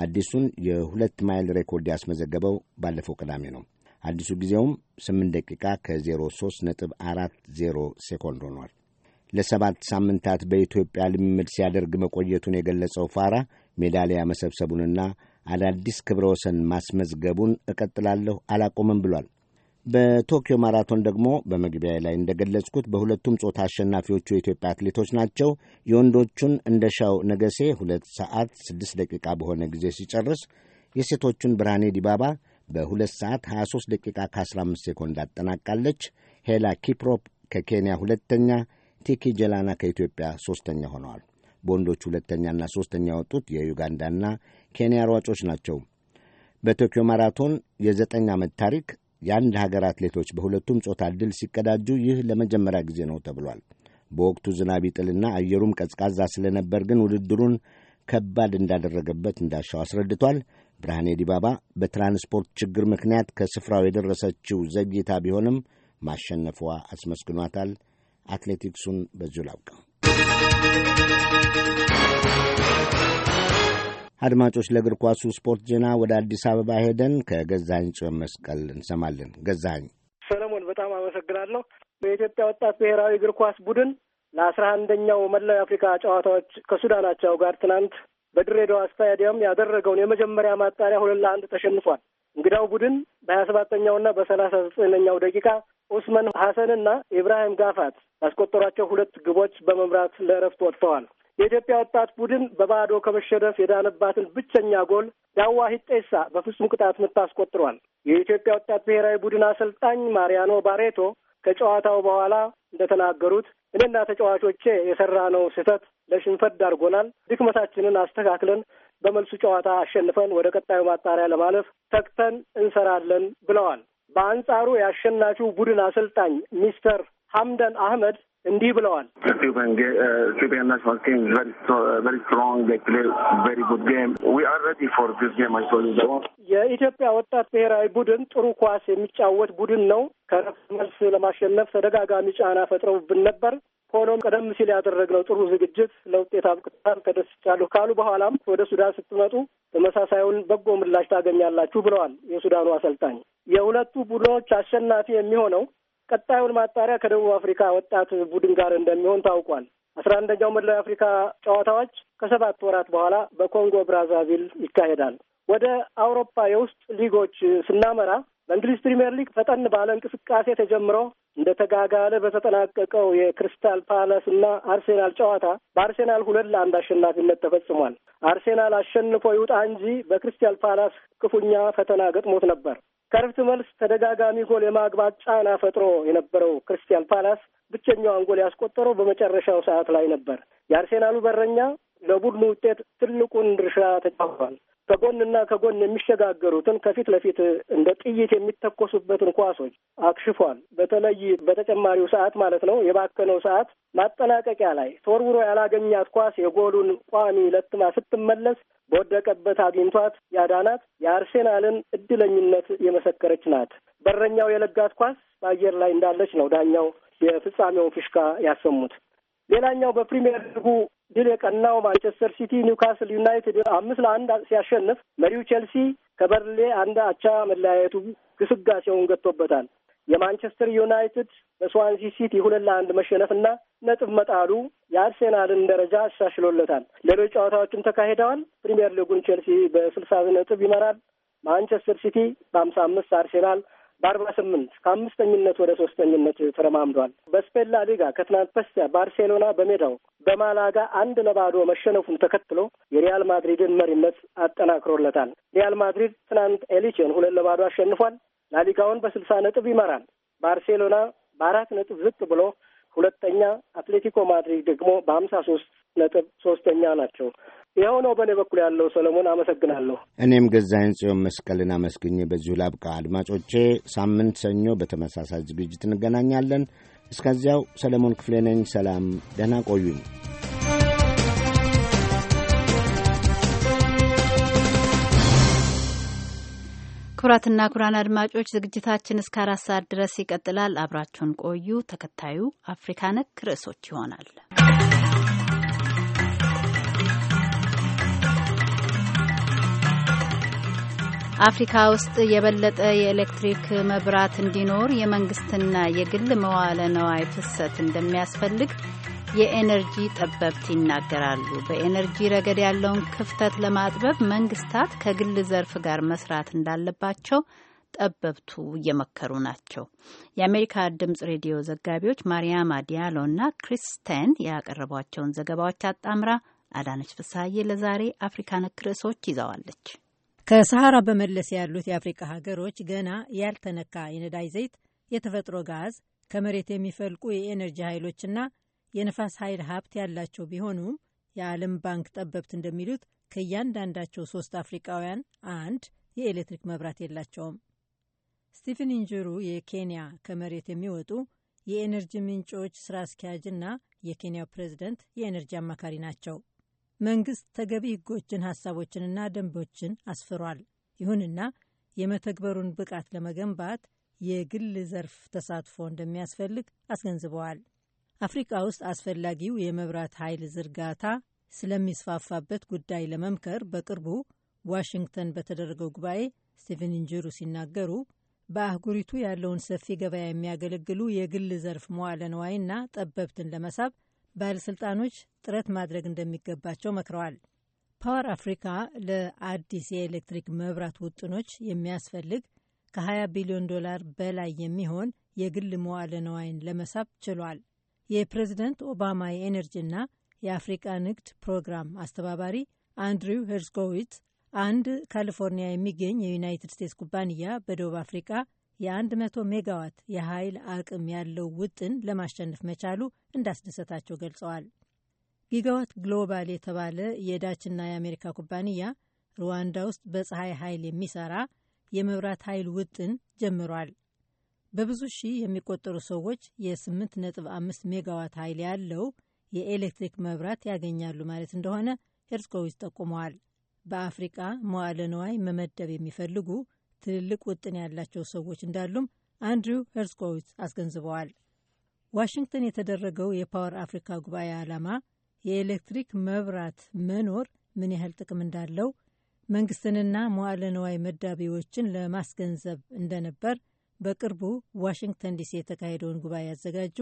አዲሱን የሁለት ማይል ሬኮርድ ያስመዘገበው ባለፈው ቅዳሜ ነው። አዲሱ ጊዜውም 8 ደቂቃ ከ03 ነጥብ 40 ሴኮንድ ሆኗል። ለሰባት ሳምንታት በኢትዮጵያ ልምምድ ሲያደርግ መቆየቱን የገለጸው ፋራ ሜዳሊያ መሰብሰቡንና አዳዲስ ክብረ ወሰን ማስመዝገቡን እቀጥላለሁ፣ አላቆምም ብሏል። በቶኪዮ ማራቶን ደግሞ በመግቢያ ላይ እንደገለጽኩት በሁለቱም ጾታ አሸናፊዎቹ የኢትዮጵያ አትሌቶች ናቸው። የወንዶቹን እንደሻው ነገሴ ሁለት ሰዓት ስድስት ደቂቃ በሆነ ጊዜ ሲጨርስ የሴቶቹን ብርሃኔ ዲባባ በሁለት ሰዓት 23 ደቂቃ ከ15 ሴኮንድ አጠናቃለች። ሄላ ኪፕሮፕ ከኬንያ ሁለተኛ፣ ቲኪ ጀላና ከኢትዮጵያ ሦስተኛ ሆነዋል። በወንዶች ሁለተኛና ሦስተኛ የወጡት የዩጋንዳና ኬንያ ሯጮች ናቸው። በቶኪዮ ማራቶን የዘጠኝ ዓመት ታሪክ የአንድ ሀገር አትሌቶች በሁለቱም ጾታ ድል ሲቀዳጁ ይህ ለመጀመሪያ ጊዜ ነው ተብሏል። በወቅቱ ዝናብ ይጥልና አየሩም ቀዝቃዛ ስለነበር ግን ውድድሩን ከባድ እንዳደረገበት እንዳሻው አስረድቷል። ብርሃኔ ዲባባ በትራንስፖርት ችግር ምክንያት ከስፍራው የደረሰችው ዘግይታ ቢሆንም ማሸነፏ አስመስግኗታል። አትሌቲክሱን በዚሁ ላውቅ። አድማጮች ለእግር ኳሱ ስፖርት ዜና ወደ አዲስ አበባ ሄደን ከገዛኝ ጽዮን መስቀል እንሰማለን። ገዛኝ ሰለሞን፣ በጣም አመሰግናለሁ። በኢትዮጵያ ወጣት ብሔራዊ እግር ኳስ ቡድን ለአስራ አንደኛው መላው የአፍሪካ ጨዋታዎች ከሱዳናቸው ጋር ትናንት በድሬዳዋ ስታዲየም ያደረገውን የመጀመሪያ ማጣሪያ ሁለት ለአንድ ተሸንፏል። እንግዳው ቡድን በሀያ ና በሰላሳ ዘጠነኛው ደቂቃ ኡስመን ሐሰንና ኢብራሂም ጋፋት ያስቆጠሯቸው ሁለት ግቦች በመምራት ለእረፍት ወጥተዋል። የኢትዮጵያ ወጣት ቡድን በባዶ ከመሸነፍ የዳነባትን ብቸኛ ጎል ዳዋሂት ጤሳ በፍጹም ቅጣት ምት አስቆጥሯል። የኢትዮጵያ ወጣት ብሔራዊ ቡድን አሰልጣኝ ማሪያኖ ባሬቶ ከጨዋታው በኋላ እንደተናገሩት እኔና ተጫዋቾቼ የሰራነው ስህተት ለሽንፈት ዳርጎናል። ድክመታችንን አስተካክለን በመልሱ ጨዋታ አሸንፈን ወደ ቀጣዩ ማጣሪያ ለማለፍ ተግተን እንሰራለን ብለዋል። በአንጻሩ የአሸናፊው ቡድን አሰልጣኝ ሚስተር ሀምደን አህመድ እንዲህ ብለዋል። የኢትዮጵያ ወጣት ብሔራዊ ቡድን ጥሩ ኳስ የሚጫወት ቡድን ነው። ከረፍት መልስ ለማሸነፍ ተደጋጋሚ ጫና ፈጥረውብን ነበር። ሆኖም ቀደም ሲል ያደረግነው ጥሩ ዝግጅት ለውጤት አብቅታል፣ ተደስቻለሁ ካሉ በኋላም ወደ ሱዳን ስትመጡ ተመሳሳዩን በጎ ምላሽ ታገኛላችሁ ብለዋል የሱዳኑ አሰልጣኝ። የሁለቱ ቡድኖች አሸናፊ የሚሆነው ቀጣዩን ማጣሪያ ከደቡብ አፍሪካ ወጣት ቡድን ጋር እንደሚሆን ታውቋል። አስራ አንደኛው መላው የአፍሪካ ጨዋታዎች ከሰባት ወራት በኋላ በኮንጎ ብራዛቪል ይካሄዳል። ወደ አውሮፓ የውስጥ ሊጎች ስናመራ በእንግሊዝ ፕሪምየር ሊግ ፈጠን ባለ እንቅስቃሴ ተጀምሮ እንደ ተጋጋለ በተጠናቀቀው የክሪስታል ፓላስ እና አርሴናል ጨዋታ በአርሴናል ሁለት ለአንድ አሸናፊነት ተፈጽሟል። አርሴናል አሸንፎ ይውጣ እንጂ በክሪስታል ፓላስ ክፉኛ ፈተና ገጥሞት ነበር። ከረፍት መልስ ተደጋጋሚ ጎል የማግባት ጫና ፈጥሮ የነበረው ክሪስታል ፓላስ ብቸኛዋን ጎል ያስቆጠረው በመጨረሻው ሰዓት ላይ ነበር። የአርሴናሉ በረኛ ለቡድኑ ውጤት ትልቁን ድርሻ ተጫውቷል። ከጎንና ከጎን የሚሸጋገሩትን ከፊት ለፊት እንደ ጥይት የሚተኮሱበትን ኳሶች አክሽፏል። በተለይ በተጨማሪው ሰዓት ማለት ነው፣ የባከነው ሰዓት ማጠናቀቂያ ላይ ተወርውሮ ያላገኛት ኳስ የጎሉን ቋሚ ለትማ ስትመለስ በወደቀበት አግኝቷት ያዳናት የአርሴናልን እድለኝነት የመሰከረች ናት። በረኛው የለጋት ኳስ በአየር ላይ እንዳለች ነው ዳኛው የፍጻሜውን ፊሽካ ያሰሙት። ሌላኛው በፕሪሚየር ሊጉ ድል የቀናው ማንቸስተር ሲቲ ኒውካስል ዩናይትድ አምስት ለአንድ ሲያሸንፍ መሪው ቼልሲ ከበርሌ አንድ አቻ መለያየቱ ግስጋሴውን ገጥቶበታል። የማንቸስተር ዩናይትድ በስዋንሲ ሲቲ ሁለት ለአንድ መሸነፍና ነጥብ መጣሉ የአርሴናልን ደረጃ አሻሽሎለታል። ሌሎች ጨዋታዎችም ተካሂደዋል። ፕሪምየር ሊጉን ቼልሲ በስልሳ ነጥብ ይመራል። ማንቸስተር ሲቲ በሀምሳ አምስት አርሴናል በአርባ ስምንት ከአምስተኝነት ወደ ሶስተኝነት ተረማምዷል። በስፔን ላሊጋ ከትናንት በስቲያ ባርሴሎና በሜዳው በማላጋ አንድ ለባዶ መሸነፉን ተከትሎ የሪያል ማድሪድን መሪነት አጠናክሮለታል። ሪያል ማድሪድ ትናንት ኤሊቼን ሁለት ለባዶ አሸንፏል። ላሊጋውን በስልሳ ነጥብ ይመራል። ባርሴሎና በአራት ነጥብ ዝቅ ብሎ ሁለተኛ፣ አትሌቲኮ ማድሪድ ደግሞ በሀምሳ ሶስት ነጥብ ሶስተኛ ናቸው። ይኸው ነው በእኔ በኩል ያለው። ሰለሞን አመሰግናለሁ። እኔም ገዛይን ጽዮን መስቀልን አመስግኜ በዚሁ ላብቃ። አድማጮቼ፣ ሳምንት ሰኞ በተመሳሳይ ዝግጅት እንገናኛለን። እስከዚያው ሰለሞን ክፍሌ ነኝ። ሰላም፣ ደህና ቆዩኝ። ክቡራትና ክቡራን አድማጮች ዝግጅታችን እስከ አራት ሰዓት ድረስ ይቀጥላል። አብራችሁን ቆዩ። ተከታዩ አፍሪካ ነክ ርዕሶች ይሆናል። አፍሪካ ውስጥ የበለጠ የኤሌክትሪክ መብራት እንዲኖር የመንግስትና የግል መዋለ ነዋይ ፍሰት እንደሚያስፈልግ የኤነርጂ ጠበብት ይናገራሉ። በኤነርጂ ረገድ ያለውን ክፍተት ለማጥበብ መንግስታት ከግል ዘርፍ ጋር መስራት እንዳለባቸው ጠበብቱ እየመከሩ ናቸው። የአሜሪካ ድምጽ ሬዲዮ ዘጋቢዎች ማሪያማ ዲያሎና ክሪስቲን ያቀረቧቸውን ዘገባዎች አጣምራ አዳነች ፍሳዬ ለዛሬ አፍሪካ ነክ ርዕሶች ይዘዋለች። ከሰሃራ በመለስ ያሉት የአፍሪካ ሀገሮች ገና ያልተነካ የነዳጅ ዘይት፣ የተፈጥሮ ጋዝ፣ ከመሬት የሚፈልቁ የኤነርጂ ኃይሎችና የነፋስ ኃይል ሀብት ያላቸው ቢሆኑም የዓለም ባንክ ጠበብት እንደሚሉት ከእያንዳንዳቸው ሶስት አፍሪካውያን አንድ የኤሌክትሪክ መብራት የላቸውም። ስቲፍን ኢንጅሩ የኬንያ ከመሬት የሚወጡ የኤነርጂ ምንጮች ስራ አስኪያጅና የኬንያው ፕሬዚደንት የኤነርጂ አማካሪ ናቸው። መንግስት ተገቢ ህጎችን፣ ሀሳቦችንና ደንቦችን አስፍሯል። ይሁንና የመተግበሩን ብቃት ለመገንባት የግል ዘርፍ ተሳትፎ እንደሚያስፈልግ አስገንዝበዋል። አፍሪካ ውስጥ አስፈላጊው የመብራት ኃይል ዝርጋታ ስለሚስፋፋበት ጉዳይ ለመምከር በቅርቡ ዋሽንግተን በተደረገው ጉባኤ ስቲቨን ኢንጅሩ ሲናገሩ በአህጉሪቱ ያለውን ሰፊ ገበያ የሚያገለግሉ የግል ዘርፍ መዋለ ንዋይና ጠበብትን ለመሳብ ባለሥልጣኖች ጥረት ማድረግ እንደሚገባቸው መክረዋል። ፓወር አፍሪካ ለአዲስ የኤሌክትሪክ መብራት ውጥኖች የሚያስፈልግ ከ20 ቢሊዮን ዶላር በላይ የሚሆን የግል መዋለ ነዋይን ለመሳብ ችሏል። የፕሬዝደንት ኦባማ የኤነርጂና የአፍሪቃ ንግድ ፕሮግራም አስተባባሪ አንድሪው ሄርስኮዊት አንድ ካሊፎርኒያ የሚገኝ የዩናይትድ ስቴትስ ኩባንያ በደቡብ አፍሪቃ የ100 ሜጋዋት የኃይል አቅም ያለው ውጥን ለማሸነፍ መቻሉ እንዳስደሰታቸው ገልጸዋል። ጊጋዋት ግሎባል የተባለ የዳችና የአሜሪካ ኩባንያ ሩዋንዳ ውስጥ በፀሐይ ኃይል የሚሰራ የመብራት ኃይል ውጥን ጀምሯል። በብዙ ሺህ የሚቆጠሩ ሰዎች የ8.5 ሜጋዋት ኃይል ያለው የኤሌክትሪክ መብራት ያገኛሉ ማለት እንደሆነ ሄርስኮዊዝ ጠቁመዋል። በአፍሪቃ መዋለ መመደብ የሚፈልጉ ትልልቅ ውጥን ያላቸው ሰዎች እንዳሉም አንድሪው ሄርስኮዊት አስገንዝበዋል። ዋሽንግተን የተደረገው የፓወር አፍሪካ ጉባኤ ዓላማ የኤሌክትሪክ መብራት መኖር ምን ያህል ጥቅም እንዳለው መንግስትንና መዋዕለ ንዋይ መዳቢዎችን ለማስገንዘብ እንደነበር በቅርቡ ዋሽንግተን ዲሲ የተካሄደውን ጉባኤ ያዘጋጁ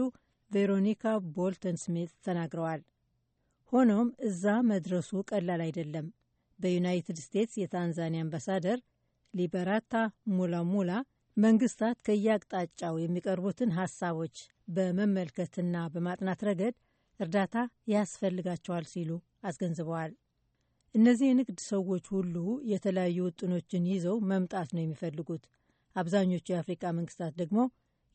ቬሮኒካ ቦልተን ስሚት ተናግረዋል። ሆኖም እዛ መድረሱ ቀላል አይደለም። በዩናይትድ ስቴትስ የታንዛኒያ አምባሳደር ሊበራታ ሙላ ሙላ መንግስታት ከየአቅጣጫው የሚቀርቡትን ሀሳቦች በመመልከትና በማጥናት ረገድ እርዳታ ያስፈልጋቸዋል ሲሉ አስገንዝበዋል። እነዚህ የንግድ ሰዎች ሁሉ የተለያዩ ውጥኖችን ይዘው መምጣት ነው የሚፈልጉት። አብዛኞቹ የአፍሪቃ መንግስታት ደግሞ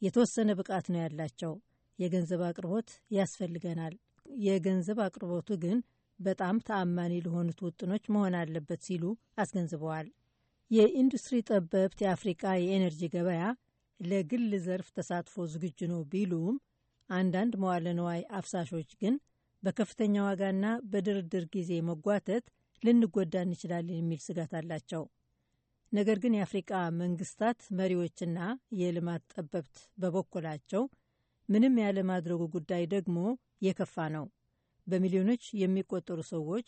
የተወሰነ ብቃት ነው ያላቸው። የገንዘብ አቅርቦት ያስፈልገናል። የገንዘብ አቅርቦቱ ግን በጣም ተአማኒ ለሆኑት ውጥኖች መሆን አለበት ሲሉ አስገንዝበዋል። የኢንዱስትሪ ጠበብት የአፍሪቃ የኤነርጂ ገበያ ለግል ዘርፍ ተሳትፎ ዝግጁ ነው ቢሉም አንዳንድ መዋለ አፍሳሾች ግን በከፍተኛ ዋጋና በድርድር ጊዜ መጓተት ልንጎዳ እንችላለን የሚል ስጋት አላቸው። ነገር ግን የአፍሪቃ መንግስታት መሪዎችና የልማት ጠበብት በበኩላቸው ምንም ያለማድረጉ ጉዳይ ደግሞ የከፋ ነው። በሚሊዮኖች የሚቆጠሩ ሰዎች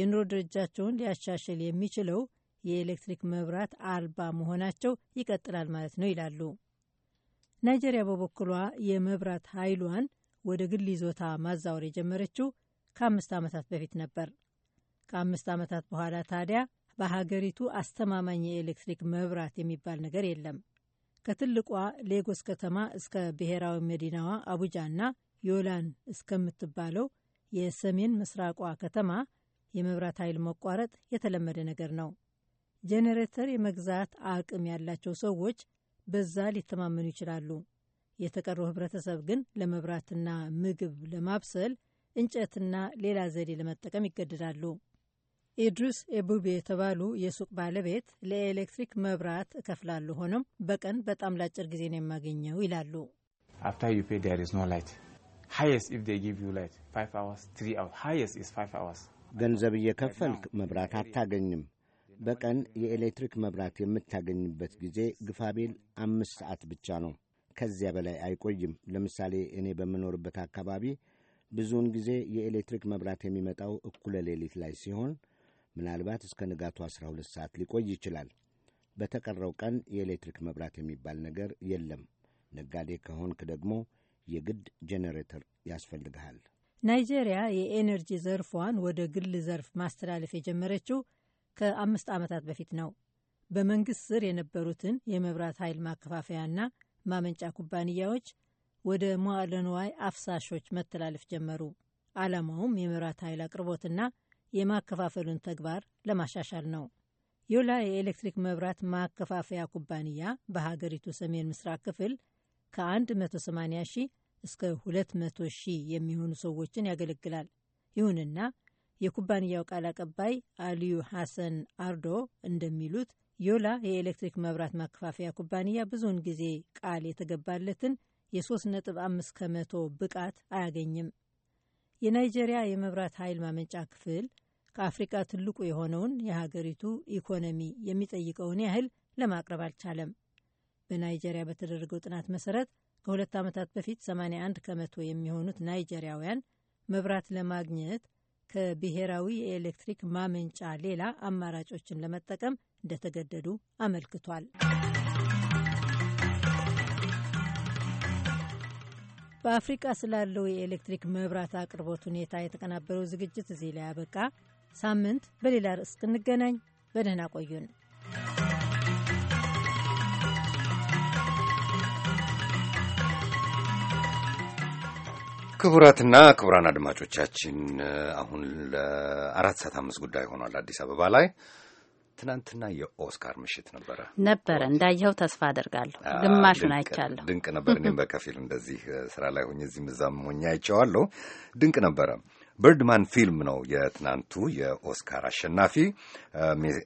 የኑሮ ደረጃቸውን ሊያሻሽል የሚችለው የኤሌክትሪክ መብራት አልባ መሆናቸው ይቀጥላል ማለት ነው ይላሉ። ናይጄሪያ በበኩሏ የመብራት ኃይሏን ወደ ግል ይዞታ ማዛወር የጀመረችው ከአምስት ዓመታት በፊት ነበር። ከአምስት ዓመታት በኋላ ታዲያ በሀገሪቱ አስተማማኝ የኤሌክትሪክ መብራት የሚባል ነገር የለም። ከትልቋ ሌጎስ ከተማ እስከ ብሔራዊ መዲናዋ አቡጃና ዮላን እስከምትባለው የሰሜን ምስራቋ ከተማ የመብራት ኃይል መቋረጥ የተለመደ ነገር ነው። ጄኔሬተር የመግዛት አቅም ያላቸው ሰዎች በዛ ሊተማመኑ ይችላሉ። የተቀረው ህብረተሰብ ግን ለመብራትና ምግብ ለማብሰል እንጨትና ሌላ ዘዴ ለመጠቀም ይገደዳሉ። ኢድሩስ ኤቡቤ የተባሉ የሱቅ ባለቤት ለኤሌክትሪክ መብራት እከፍላሉ፣ ሆኖም በቀን በጣም ለአጭር ጊዜ ነው የማገኘው ይላሉ። ገንዘብ እየከፈልክ መብራት አታገኝም። በቀን የኤሌክትሪክ መብራት የምታገኝበት ጊዜ ግፋቤል አምስት ሰዓት ብቻ ነው። ከዚያ በላይ አይቆይም። ለምሳሌ እኔ በምኖርበት አካባቢ ብዙውን ጊዜ የኤሌክትሪክ መብራት የሚመጣው እኩለ ሌሊት ላይ ሲሆን ምናልባት እስከ ንጋቱ 12 ሰዓት ሊቆይ ይችላል። በተቀረው ቀን የኤሌክትሪክ መብራት የሚባል ነገር የለም። ነጋዴ ከሆንክ ደግሞ የግድ ጄኔሬተር ያስፈልግሃል። ናይጄሪያ የኤነርጂ ዘርፏን ወደ ግል ዘርፍ ማስተላለፍ የጀመረችው ከአምስት ዓመታት በፊት ነው። በመንግሥት ስር የነበሩትን የመብራት ኃይል ማከፋፈያና ማመንጫ ኩባንያዎች ወደ መዋዕለ ንዋይ አፍሳሾች መተላለፍ ጀመሩ። ዓላማውም የመብራት ኃይል አቅርቦትና የማከፋፈሉን ተግባር ለማሻሻል ነው። ዮላ የኤሌክትሪክ መብራት ማከፋፈያ ኩባንያ በሀገሪቱ ሰሜን ምስራቅ ክፍል ከ180 ሺህ እስከ 200 ሺህ የሚሆኑ ሰዎችን ያገለግላል። ይሁንና የኩባንያው ቃል አቀባይ አልዩ ሐሰን አርዶ እንደሚሉት ዮላ የኤሌክትሪክ መብራት ማከፋፈያ ኩባንያ ብዙውን ጊዜ ቃል የተገባለትን የ3.5 ከመቶ ብቃት አያገኝም። የናይጄሪያ የመብራት ኃይል ማመንጫ ክፍል ከአፍሪቃ ትልቁ የሆነውን የሀገሪቱ ኢኮኖሚ የሚጠይቀውን ያህል ለማቅረብ አልቻለም። በናይጄሪያ በተደረገው ጥናት መሰረት ከሁለት ዓመታት በፊት 81 ከመቶ የሚሆኑት ናይጄሪያውያን መብራት ለማግኘት ከብሔራዊ የኤሌክትሪክ ማመንጫ ሌላ አማራጮችን ለመጠቀም እንደተገደዱ አመልክቷል። በአፍሪቃ ስላለው የኤሌክትሪክ መብራት አቅርቦት ሁኔታ የተቀናበረው ዝግጅት እዚህ ላይ አበቃ። ሳምንት በሌላ ርዕስ እንገናኝ። በደህና ቆዩን። ክቡራትና ክቡራን አድማጮቻችን አሁን ለአራት ሰዓት አምስት ጉዳይ ሆኗል አዲስ አበባ ላይ። ትናንትና የኦስካር ምሽት ነበረ ነበረ እንዳየኸው ተስፋ አደርጋለሁ። ግማሹን አይቻለሁ። ድንቅ ነበር። እኔም በከፊል እንደዚህ ስራ ላይ ሆኜ እዚህም እዛም ሆኜ አይቼዋለሁ። ድንቅ ነበረ። በርድማን ፊልም ነው የትናንቱ የኦስካር አሸናፊ።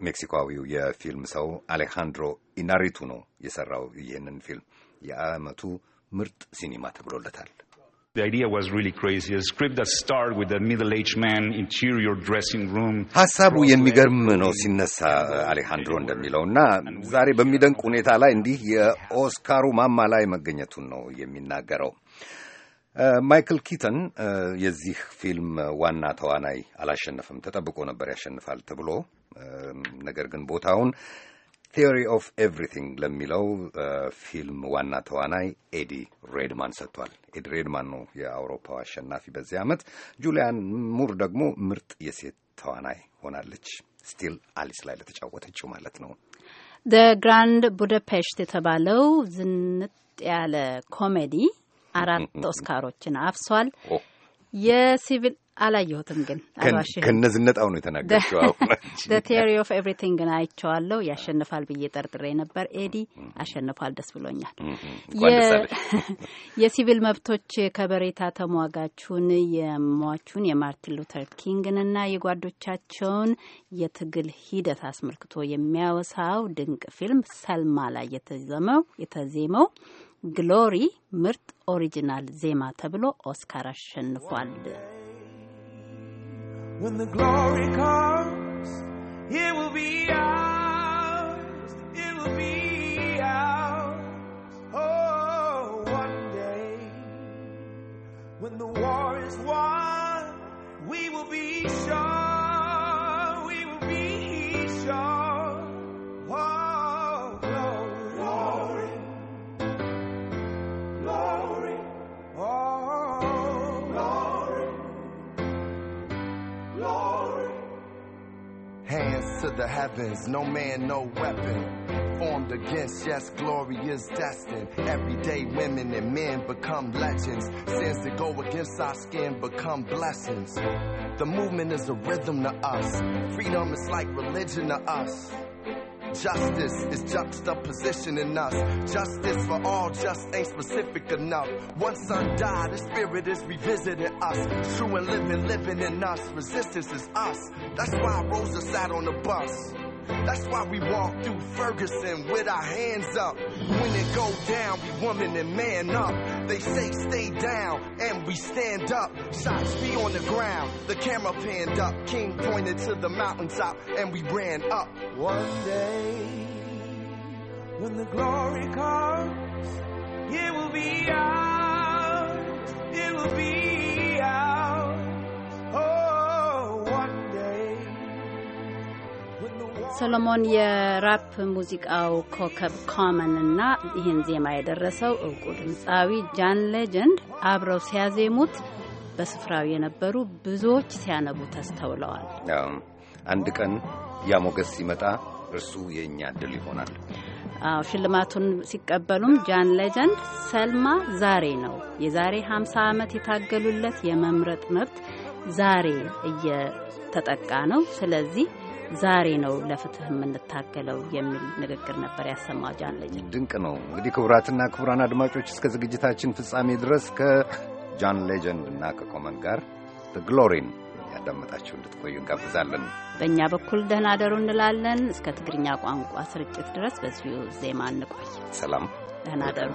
ሜክሲኮዊው የፊልም ሰው አሌሃንድሮ ኢናሪቱ ነው የሰራው ይህንን ፊልም። የዓመቱ ምርጥ ሲኒማ ተብሎለታል። ሐሳቡ የሚገርም ነው ሲነሳ አሌሃንድሮ እንደሚለውና ዛሬ በሚደንቅ ሁኔታ ላይ እንዲህ የኦስካሩ ማማ ላይ መገኘቱን ነው የሚናገረው። ማይክል ኪተን የዚህ ፊልም ዋና ተዋናይ አላሸነፈም። ተጠብቆ ነበር ያሸንፋል ተብሎ ነገር ግን ቦታውን ቴዎሪ ኦፍ ኤቭሪቲንግ ለሚለው ፊልም ዋና ተዋናይ ኤዲ ሬድማን ሰጥቷል። ኤዲ ሬድማን ነው የአውሮፓው አሸናፊ በዚህ ዓመት። ጁሊያን ሙር ደግሞ ምርጥ የሴት ተዋናይ ሆናለች። ስቲል አሊስ ላይ ለተጫወተችው ማለት ነው። ደ ግራንድ ቡዳፔስት የተባለው ዝንጥ ያለ ኮሜዲ አራት ኦስካሮችን አፍሷል። የሲቪል አላየሁትም ግን ነጣው ነው የተናገረችው። ቴሪ ኦፍ ኤቭሪቲንግ ግን አይቼዋለሁ። ያሸንፋል ብዬ ጠርጥሬ ነበር። ኤዲ አሸንፏል። ደስ ብሎኛል። የሲቪል መብቶች ከበሬታ ተሟጋቹን የሟቹን የማርቲን ሉተር ኪንግንና የጓዶቻቸውን የትግል ሂደት አስመልክቶ የሚያወሳው ድንቅ ፊልም ሰልማ ላይ የተዘመው የተዜመው ግሎሪ ምርጥ ኦሪጂናል ዜማ ተብሎ ኦስካር አሸንፏል። When the glory comes, it will be ours. It will be ours. Oh, one day, when the war is won, we will be sure. Hands to the heavens, no man, no weapon. Formed against, yes, glory is destined. Everyday women and men become legends. Sins that go against our skin become blessings. The movement is a rhythm to us. Freedom is like religion to us. Justice is juxtaposition in us. Justice for all just ain't specific enough. Once son died, the spirit is revisiting us. True and living, living in us. Resistance is us. That's why Rosa sat on the bus. That's why we walk through Ferguson with our hands up. When it go down, we woman and man up. They say stay down, and we stand up. Shots be on the ground, the camera panned up. King pointed to the mountaintop, and we ran up. One day, when the glory comes, it will be ours. It will be ሰሎሞን የራፕ ሙዚቃው ኮከብ ኮመን እና ይህን ዜማ የደረሰው እውቁ ድምፃዊ ጃን ሌጀንድ አብረው ሲያዜሙት በስፍራው የነበሩ ብዙዎች ሲያነቡ ተስተውለዋል። አንድ ቀን ያ ሞገስ ሲመጣ እርሱ የእኛ እድል ይሆናል። አዎ ሽልማቱን ሲቀበሉም ጃን ሌጀንድ ሰልማ ዛሬ ነው የዛሬ 50 ዓመት የታገሉለት የመምረጥ መብት ዛሬ እየተጠቃ ነው። ስለዚህ ዛሬ ነው ለፍትህ የምንታገለው የሚል ንግግር ነበር ያሰማው ጃን ሌጀንድ። ድንቅ ነው እንግዲህ ክቡራትና ክቡራን አድማጮች እስከ ዝግጅታችን ፍጻሜ ድረስ ከጃን ሌጀንድ እና ከኮመን ጋር ግሎሪን ያዳመጣችሁ እንድትቆዩ እንጋብዛለን። በእኛ በኩል ደህና ደሩ እንላለን። እስከ ትግርኛ ቋንቋ ስርጭት ድረስ በዚሁ ዜማ እንቆይ። ሰላም፣ ደህና ደሩ።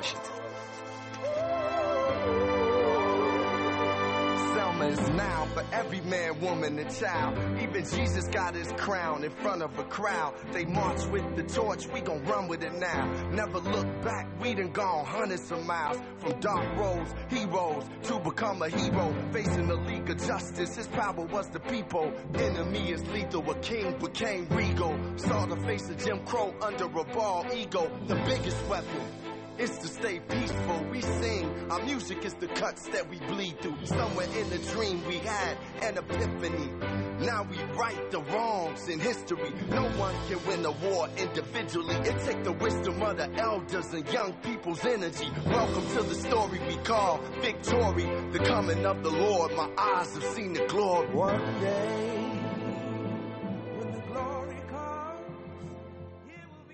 now for every man, woman, and child. Even Jesus got his crown in front of a crowd. They march with the torch, we gon' run with it now. Never look back, we done gone hundreds of miles. From dark roads, heroes, to become a hero. Facing the league of justice, his power was the people. Enemy is lethal, a king became regal. Saw the face of Jim Crow under a bald ego, the biggest weapon. It's to stay peaceful, we sing. Our music is the cuts that we bleed through. Somewhere in the dream we had an epiphany. Now we right the wrongs in history. No one can win a war individually. It takes the wisdom of the elders and young people's energy. Welcome to the story we call victory. The coming of the Lord, my eyes have seen the glory. One day.